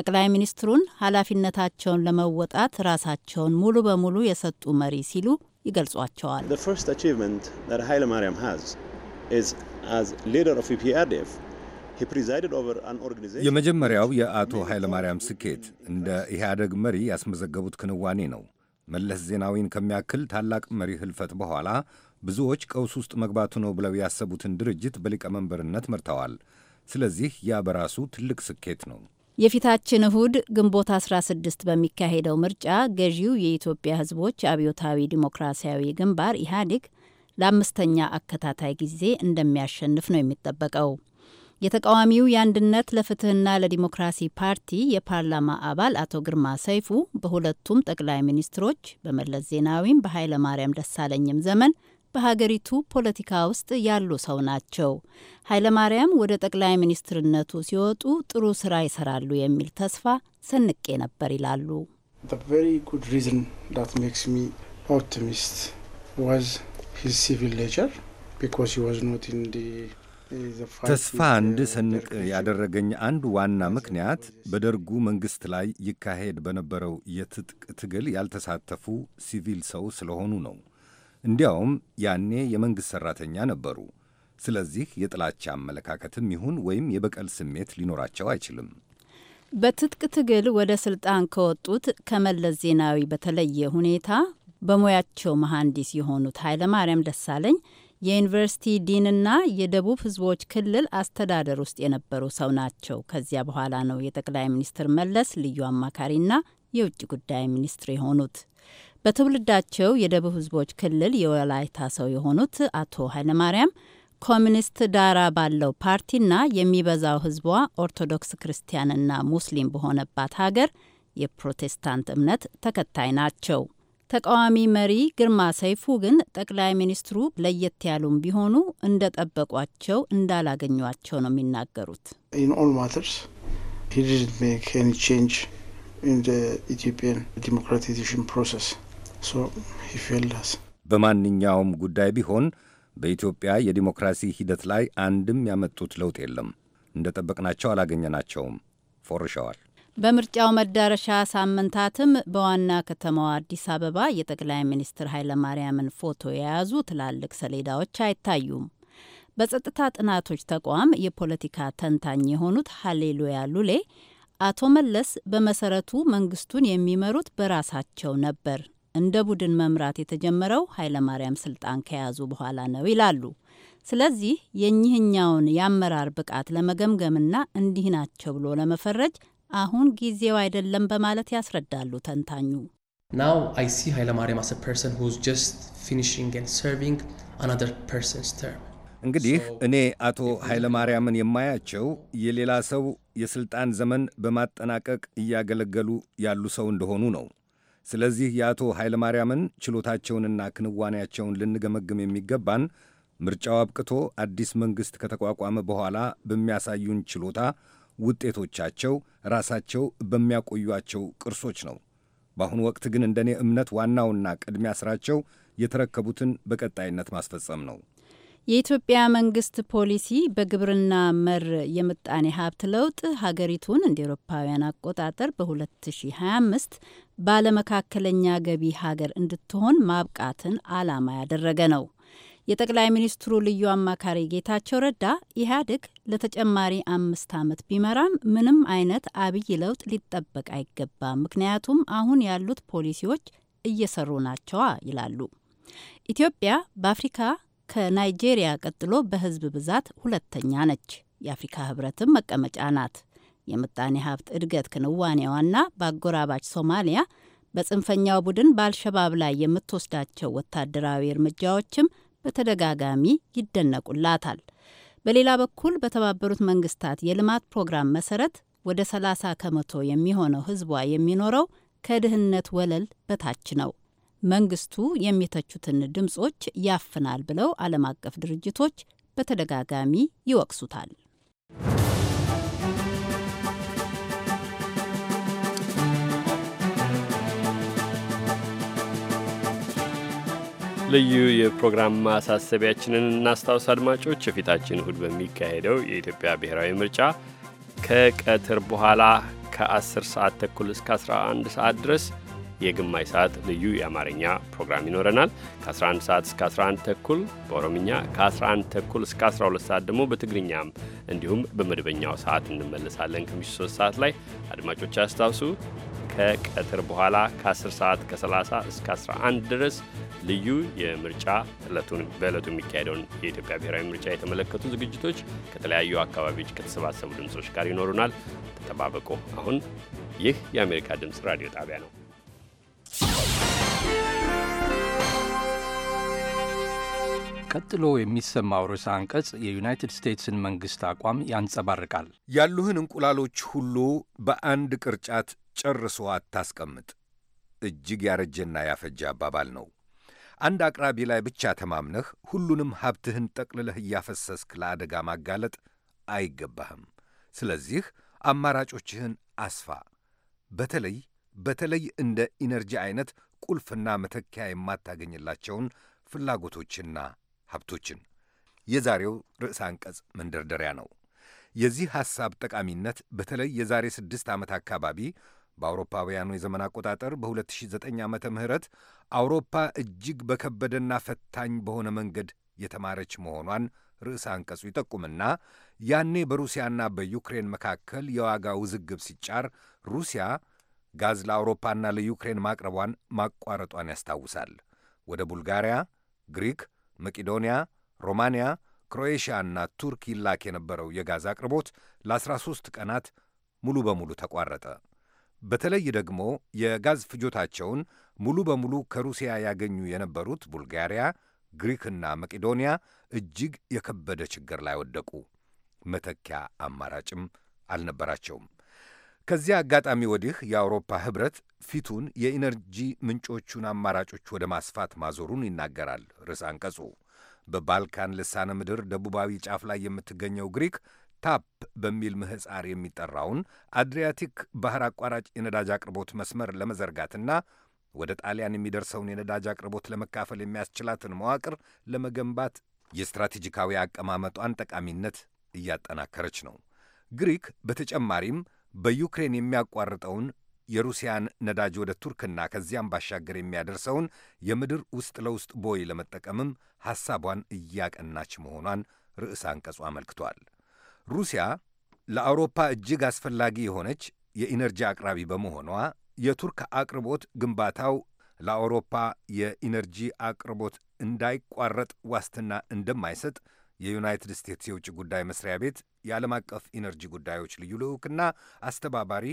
ጠቅላይ ሚኒስትሩን ኃላፊነታቸውን ለመወጣት ራሳቸውን ሙሉ በሙሉ የሰጡ መሪ ሲሉ ይገልጿቸዋል። e የመጀመሪያው የአቶ ኃይለማርያም ስኬት እንደ ኢህአደግ መሪ ያስመዘገቡት ክንዋኔ ነው። መለስ ዜናዊን ከሚያክል ታላቅ መሪ ህልፈት በኋላ ብዙዎች ቀውስ ውስጥ መግባቱ ነው ብለው ያሰቡትን ድርጅት በሊቀመንበርነት መርተዋል። ስለዚህ ያ በራሱ ትልቅ ስኬት ነው። የፊታችን እሁድ ግንቦት 16 በሚካሄደው ምርጫ ገዢው የኢትዮጵያ ሕዝቦች አብዮታዊ ዲሞክራሲያዊ ግንባር ኢህአዴግ ለአምስተኛ አከታታይ ጊዜ እንደሚያሸንፍ ነው የሚጠበቀው። የተቃዋሚው የአንድነት ለፍትህና ለዲሞክራሲ ፓርቲ የፓርላማ አባል አቶ ግርማ ሰይፉ በሁለቱም ጠቅላይ ሚኒስትሮች በመለስ ዜናዊም በኃይለማርያም ደሳለኝም ዘመን በሀገሪቱ ፖለቲካ ውስጥ ያሉ ሰው ናቸው። ኃይለማርያም ወደ ጠቅላይ ሚኒስትርነቱ ሲወጡ ጥሩ ስራ ይሰራሉ የሚል ተስፋ ሰንቄ ነበር ይላሉ። ተስፋ እንድሰንቅ ያደረገኝ አንድ ዋና ምክንያት በደርጉ መንግሥት ላይ ይካሄድ በነበረው የትጥቅ ትግል ያልተሳተፉ ሲቪል ሰው ስለሆኑ ነው። እንዲያውም ያኔ የመንግሥት ሠራተኛ ነበሩ። ስለዚህ የጥላቻ አመለካከትም ይሁን ወይም የበቀል ስሜት ሊኖራቸው አይችልም። በትጥቅ ትግል ወደ ስልጣን ከወጡት ከመለስ ዜናዊ በተለየ ሁኔታ በሙያቸው መሐንዲስ የሆኑት ኃይለማርያም ደሳለኝ የዩኒቨርሲቲ ዲንና የደቡብ ሕዝቦች ክልል አስተዳደር ውስጥ የነበሩ ሰው ናቸው። ከዚያ በኋላ ነው የጠቅላይ ሚኒስትር መለስ ልዩ አማካሪና የውጭ ጉዳይ ሚኒስትር የሆኑት። በትውልዳቸው የደቡብ ህዝቦች ክልል የወላይታ ሰው የሆኑት አቶ ኃይለማርያም ኮሚኒስት ዳራ ባለው ፓርቲና የሚበዛው ህዝቧ ኦርቶዶክስ ክርስቲያንና ሙስሊም በሆነባት ሀገር የፕሮቴስታንት እምነት ተከታይ ናቸው። ተቃዋሚ መሪ ግርማ ሰይፉ ግን ጠቅላይ ሚኒስትሩ ለየት ያሉም ቢሆኑ እንደ ጠበቋቸው እንዳላገኟቸው ነው የሚናገሩት። ኢትዮጵያን ዲሞክራታይዜሽን ፕሮሰስ በማንኛውም ጉዳይ ቢሆን በኢትዮጵያ የዲሞክራሲ ሂደት ላይ አንድም ያመጡት ለውጥ የለም። እንደ ጠበቅናቸው አላገኘናቸውም፣ ፎርሸዋል። በምርጫው መዳረሻ ሳምንታትም በዋና ከተማዋ አዲስ አበባ የጠቅላይ ሚኒስትር ኃይለማርያምን ፎቶ የያዙ ትላልቅ ሰሌዳዎች አይታዩም። በጸጥታ ጥናቶች ተቋም የፖለቲካ ተንታኝ የሆኑት ሀሌሉያ ሉሌ አቶ መለስ በመሰረቱ መንግስቱን የሚመሩት በራሳቸው ነበር እንደ ቡድን መምራት የተጀመረው ኃይለማርያም ስልጣን ከያዙ በኋላ ነው ይላሉ። ስለዚህ የኚህኛውን የአመራር ብቃት ለመገምገምና እንዲህ ናቸው ብሎ ለመፈረጅ አሁን ጊዜው አይደለም በማለት ያስረዳሉ ተንታኙ። ናው አይ ሲ ኃይለማርያም አስ ፐርሰን ሁዝ ጀስት ፊኒሽንግ ኤንድ ሰርቪንግ ፐርሰንስ ተርም እንግዲህ እኔ አቶ ኃይለማርያምን የማያቸው የሌላ ሰው የሥልጣን ዘመን በማጠናቀቅ እያገለገሉ ያሉ ሰው እንደሆኑ ነው። ስለዚህ የአቶ ኃይለማርያምን ችሎታቸውንና ክንዋኔያቸውን ልንገመግም የሚገባን ምርጫው አብቅቶ አዲስ መንግሥት ከተቋቋመ በኋላ በሚያሳዩን ችሎታ፣ ውጤቶቻቸው ራሳቸው በሚያቆዩቸው ቅርሶች ነው። በአሁኑ ወቅት ግን እንደኔ እምነት ዋናውና ቅድሚያ ሥራቸው የተረከቡትን በቀጣይነት ማስፈጸም ነው። የኢትዮጵያ መንግስት ፖሊሲ በግብርና መር የምጣኔ ሀብት ለውጥ ሀገሪቱን እንደ ኤሮፓውያን አቆጣጠር በ2025 ባለመካከለኛ ገቢ ሀገር እንድትሆን ማብቃትን አላማ ያደረገ ነው። የጠቅላይ ሚኒስትሩ ልዩ አማካሪ ጌታቸው ረዳ ኢህአዴግ ለተጨማሪ አምስት ዓመት ቢመራም ምንም አይነት አብይ ለውጥ ሊጠበቅ አይገባም፣ ምክንያቱም አሁን ያሉት ፖሊሲዎች እየሰሩ ናቸዋ ይላሉ። ኢትዮጵያ በአፍሪካ ከናይጄሪያ ቀጥሎ በህዝብ ብዛት ሁለተኛ ነች። የአፍሪካ ህብረትም መቀመጫ ናት። የምጣኔ ሀብት እድገት ክንዋኔዋና በአጎራባች ሶማሊያ በጽንፈኛው ቡድን በአልሸባብ ላይ የምትወስዳቸው ወታደራዊ እርምጃዎችም በተደጋጋሚ ይደነቁላታል። በሌላ በኩል በተባበሩት መንግስታት የልማት ፕሮግራም መሰረት ወደ 30 ከመቶ የሚሆነው ህዝቧ የሚኖረው ከድህነት ወለል በታች ነው። መንግስቱ የሚተቹትን ድምጾች ያፍናል ብለው ዓለም አቀፍ ድርጅቶች በተደጋጋሚ ይወቅሱታል። ልዩ የፕሮግራም ማሳሰቢያችንን እናስታውስ አድማጮች። የፊታችን እሁድ በሚካሄደው የኢትዮጵያ ብሔራዊ ምርጫ ከቀትር በኋላ ከ10 ሰዓት ተኩል እስከ 11 ሰዓት ድረስ የግማሽ ሰዓት ልዩ የአማርኛ ፕሮግራም ይኖረናል። ከ11 ሰዓት እስከ 11 ተኩል በኦሮምኛ ከ11 ተኩል እስከ 12 ሰዓት ደግሞ በትግርኛም እንዲሁም በመደበኛው ሰዓት እንመለሳለን። ከምሽቱ 3 ሰዓት ላይ አድማጮች አስታውሱ፣ ከቀትር በኋላ ከ10 ሰዓት ከ30 እስከ 11 ድረስ ልዩ የምርጫ በዕለቱ የሚካሄደውን የኢትዮጵያ ብሔራዊ ምርጫ የተመለከቱ ዝግጅቶች ከተለያዩ አካባቢዎች ከተሰባሰቡ ድምፆች ጋር ይኖሩናል። ተጠባበቁ። አሁን ይህ የአሜሪካ ድምፅ ራዲዮ ጣቢያ ነው። ቀጥሎ የሚሰማው ርዕሰ አንቀጽ የዩናይትድ ስቴትስን መንግሥት አቋም ያንጸባርቃል። ያሉህን እንቁላሎች ሁሉ በአንድ ቅርጫት ጨርሶ አታስቀምጥ። እጅግ ያረጀና ያፈጀ አባባል ነው። አንድ አቅራቢ ላይ ብቻ ተማምነህ ሁሉንም ሀብትህን ጠቅልለህ እያፈሰስክ ለአደጋ ማጋለጥ አይገባህም። ስለዚህ አማራጮችህን አስፋ። በተለይ በተለይ እንደ ኢነርጂ አይነት ቁልፍና መተኪያ የማታገኝላቸውን ፍላጎቶችና ሀብቶችን የዛሬው ርዕሰ አንቀጽ መንደርደሪያ ነው። የዚህ ሐሳብ ጠቃሚነት በተለይ የዛሬ ስድስት ዓመት አካባቢ በአውሮፓውያኑ የዘመን አቆጣጠር በ2009 ዓመተ ምህረት አውሮፓ እጅግ በከበደና ፈታኝ በሆነ መንገድ የተማረች መሆኗን ርዕሰ አንቀጹ ይጠቁምና ያኔ በሩሲያና በዩክሬን መካከል የዋጋ ውዝግብ ሲጫር ሩሲያ ጋዝ ለአውሮፓና ለዩክሬን ማቅረቧን ማቋረጧን ያስታውሳል። ወደ ቡልጋሪያ፣ ግሪክ፣ መቄዶንያ፣ ሮማንያ፣ ክሮኤሽያ እና ቱርክ ይላክ የነበረው የጋዝ አቅርቦት ለ13 ቀናት ሙሉ በሙሉ ተቋረጠ። በተለይ ደግሞ የጋዝ ፍጆታቸውን ሙሉ በሙሉ ከሩሲያ ያገኙ የነበሩት ቡልጋሪያ፣ ግሪክና መቄዶንያ እጅግ የከበደ ችግር ላይ ወደቁ። መተኪያ አማራጭም አልነበራቸውም። ከዚያ አጋጣሚ ወዲህ የአውሮፓ ህብረት ፊቱን የኢነርጂ ምንጮቹን አማራጮች ወደ ማስፋት ማዞሩን ይናገራል ርዕስ አንቀጹ። በባልካን ልሳነ ምድር ደቡባዊ ጫፍ ላይ የምትገኘው ግሪክ ታፕ በሚል ምህፃር የሚጠራውን አድሪያቲክ ባህር አቋራጭ የነዳጅ አቅርቦት መስመር ለመዘርጋትና ወደ ጣሊያን የሚደርሰውን የነዳጅ አቅርቦት ለመካፈል የሚያስችላትን መዋቅር ለመገንባት የስትራቴጂካዊ አቀማመጧን ጠቃሚነት እያጠናከረች ነው። ግሪክ በተጨማሪም በዩክሬን የሚያቋርጠውን የሩሲያን ነዳጅ ወደ ቱርክና ከዚያም ባሻገር የሚያደርሰውን የምድር ውስጥ ለውስጥ ቦይ ለመጠቀምም ሐሳቧን እያቀናች መሆኗን ርዕስ አንቀጹ አመልክቷል። ሩሲያ ለአውሮፓ እጅግ አስፈላጊ የሆነች የኢነርጂ አቅራቢ በመሆኗ የቱርክ አቅርቦት ግንባታው ለአውሮፓ የኢነርጂ አቅርቦት እንዳይቋረጥ ዋስትና እንደማይሰጥ የዩናይትድ ስቴትስ የውጭ ጉዳይ መስሪያ ቤት የዓለም አቀፍ ኢነርጂ ጉዳዮች ልዩ ልዑክና አስተባባሪ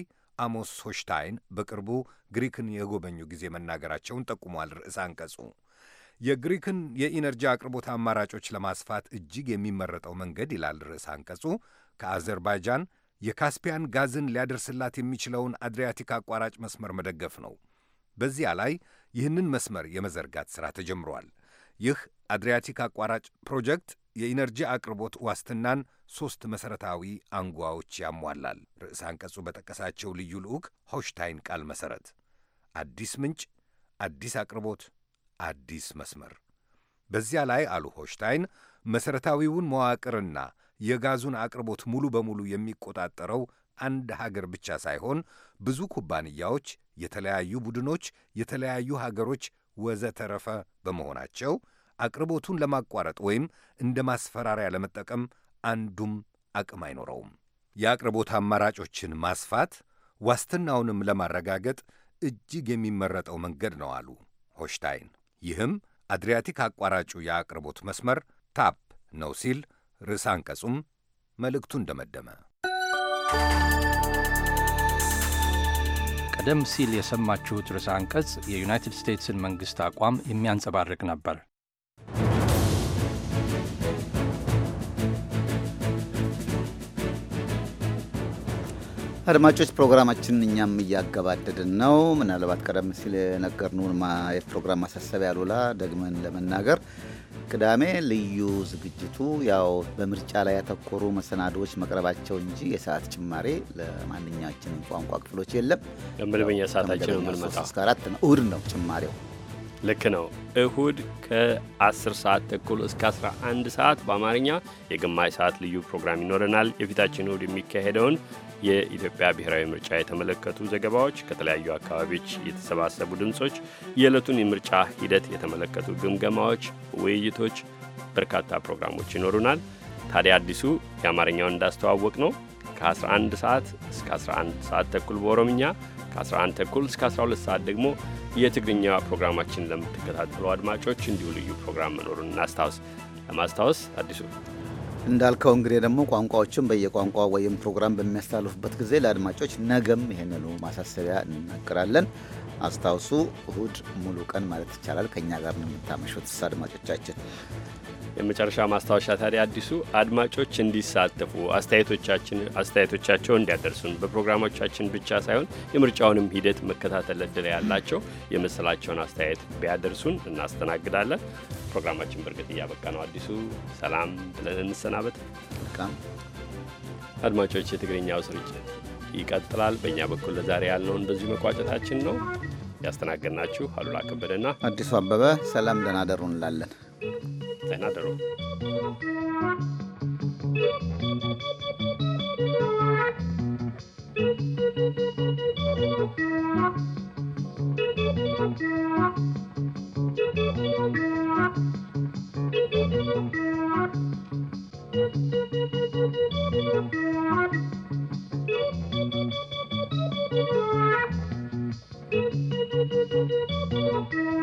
አሞስ ሆሽታይን በቅርቡ ግሪክን የጎበኙ ጊዜ መናገራቸውን ጠቁሟል። ርዕስ አንቀጹ የግሪክን የኢነርጂ አቅርቦት አማራጮች ለማስፋት እጅግ የሚመረጠው መንገድ ይላል ርዕስ አንቀጹ ከአዘርባይጃን የካስፒያን ጋዝን ሊያደርስላት የሚችለውን አድሪያቲክ አቋራጭ መስመር መደገፍ ነው። በዚያ ላይ ይህንን መስመር የመዘርጋት ሥራ ተጀምሯል። ይህ አድሪያቲክ አቋራጭ ፕሮጀክት የኢነርጂ አቅርቦት ዋስትናን ሦስት መሠረታዊ አንጓዎች ያሟላል። ርዕሰ አንቀጹ በጠቀሳቸው ልዩ ልዑክ ሆሽታይን ቃል መሠረት አዲስ ምንጭ፣ አዲስ አቅርቦት፣ አዲስ መስመር። በዚያ ላይ አሉ ሆሽታይን መሠረታዊውን መዋቅርና የጋዙን አቅርቦት ሙሉ በሙሉ የሚቆጣጠረው አንድ ሀገር ብቻ ሳይሆን ብዙ ኩባንያዎች፣ የተለያዩ ቡድኖች፣ የተለያዩ ሀገሮች ወዘተረፈ በመሆናቸው አቅርቦቱን ለማቋረጥ ወይም እንደ ማስፈራሪያ ለመጠቀም አንዱም አቅም አይኖረውም። የአቅርቦት አማራጮችን ማስፋት ዋስትናውንም ለማረጋገጥ እጅግ የሚመረጠው መንገድ ነው አሉ ሆሽታይን። ይህም አድሪያቲክ አቋራጩ የአቅርቦት መስመር ታፕ ነው ሲል ርዕሰ አንቀጹም መልእክቱን ደመደመ። ቀደም ሲል የሰማችሁት ርዕሰ አንቀጽ የዩናይትድ ስቴትስን መንግሥት አቋም የሚያንጸባርቅ ነበር። አድማጮች ፕሮግራማችንን እኛም እያገባደድን ነው። ምናልባት ቀደም ሲል የነገርነውን የፕሮግራም ማሳሰቢያ አሉላ ደግመን ለመናገር ቅዳሜ ልዩ ዝግጅቱ ያው በምርጫ ላይ ያተኮሩ መሰናዶዎች መቅረባቸው እንጂ የሰዓት ጭማሬ ለማንኛችን ቋንቋ ክፍሎች የለም። በመደበኛ ሰዓታችን የምንመጣው እስከ አራት ነው። እሁድ ነው ጭማሬው። ልክ ነው። እሁድ ከ10 ሰዓት ተኩል እስከ 11 ሰዓት በአማርኛ የግማሽ ሰዓት ልዩ ፕሮግራም ይኖረናል። የፊታችን እሁድ የሚካሄደውን የኢትዮጵያ ብሔራዊ ምርጫ የተመለከቱ ዘገባዎች፣ ከተለያዩ አካባቢዎች የተሰባሰቡ ድምጾች፣ የዕለቱን የምርጫ ሂደት የተመለከቱ ግምገማዎች፣ ውይይቶች፣ በርካታ ፕሮግራሞች ይኖሩናል። ታዲያ አዲሱ የአማርኛውን እንዳስተዋወቅ ነው ከ11 ሰዓት እስከ 11 ሰዓት ተኩል በኦሮምኛ ከ11 ተኩል እስከ 12 ሰዓት ደግሞ የትግርኛ ፕሮግራማችን ለምትከታተሉ አድማጮች እንዲሁ ልዩ ፕሮግራም መኖሩን እናስታውስ። ለማስታወስ አዲሱ እንዳልከው እንግዲህ ደግሞ ቋንቋዎችን በየቋንቋ ወይም ፕሮግራም በሚያስተላልፉበት ጊዜ ለአድማጮች ነገም ይሄንኑ ማሳሰቢያ እንናገራለን። አስታውሱ፣ እሁድ ሙሉ ቀን ማለት ይቻላል ከእኛ ጋር ነው የምታመሹት አድማጮቻችን። የመጨረሻ ማስታወሻ ታዲያ አዲሱ አድማጮች እንዲሳተፉ አስተያየቶቻችን አስተያየቶቻቸው እንዲያደርሱን በፕሮግራሞቻችን ብቻ ሳይሆን የምርጫውንም ሂደት መከታተል እድል ያላቸው የመሰላቸውን አስተያየት ቢያደርሱን እናስተናግዳለን። ፕሮግራማችን በእርግጥ እያበቃ ነው። አዲሱ ሰላም ብለን እንሰናበት። አድማጮች የትግርኛው ስርጭት ይቀጥላል። በእኛ በኩል ለዛሬ ያልነውን በዚሁ መቋጨታችን ነው። ያስተናገድናችሁ አሉላ ከበደና አዲሱ አበበ ሰላም ደህና ደሩ እንላለን። 在那头。Thank you.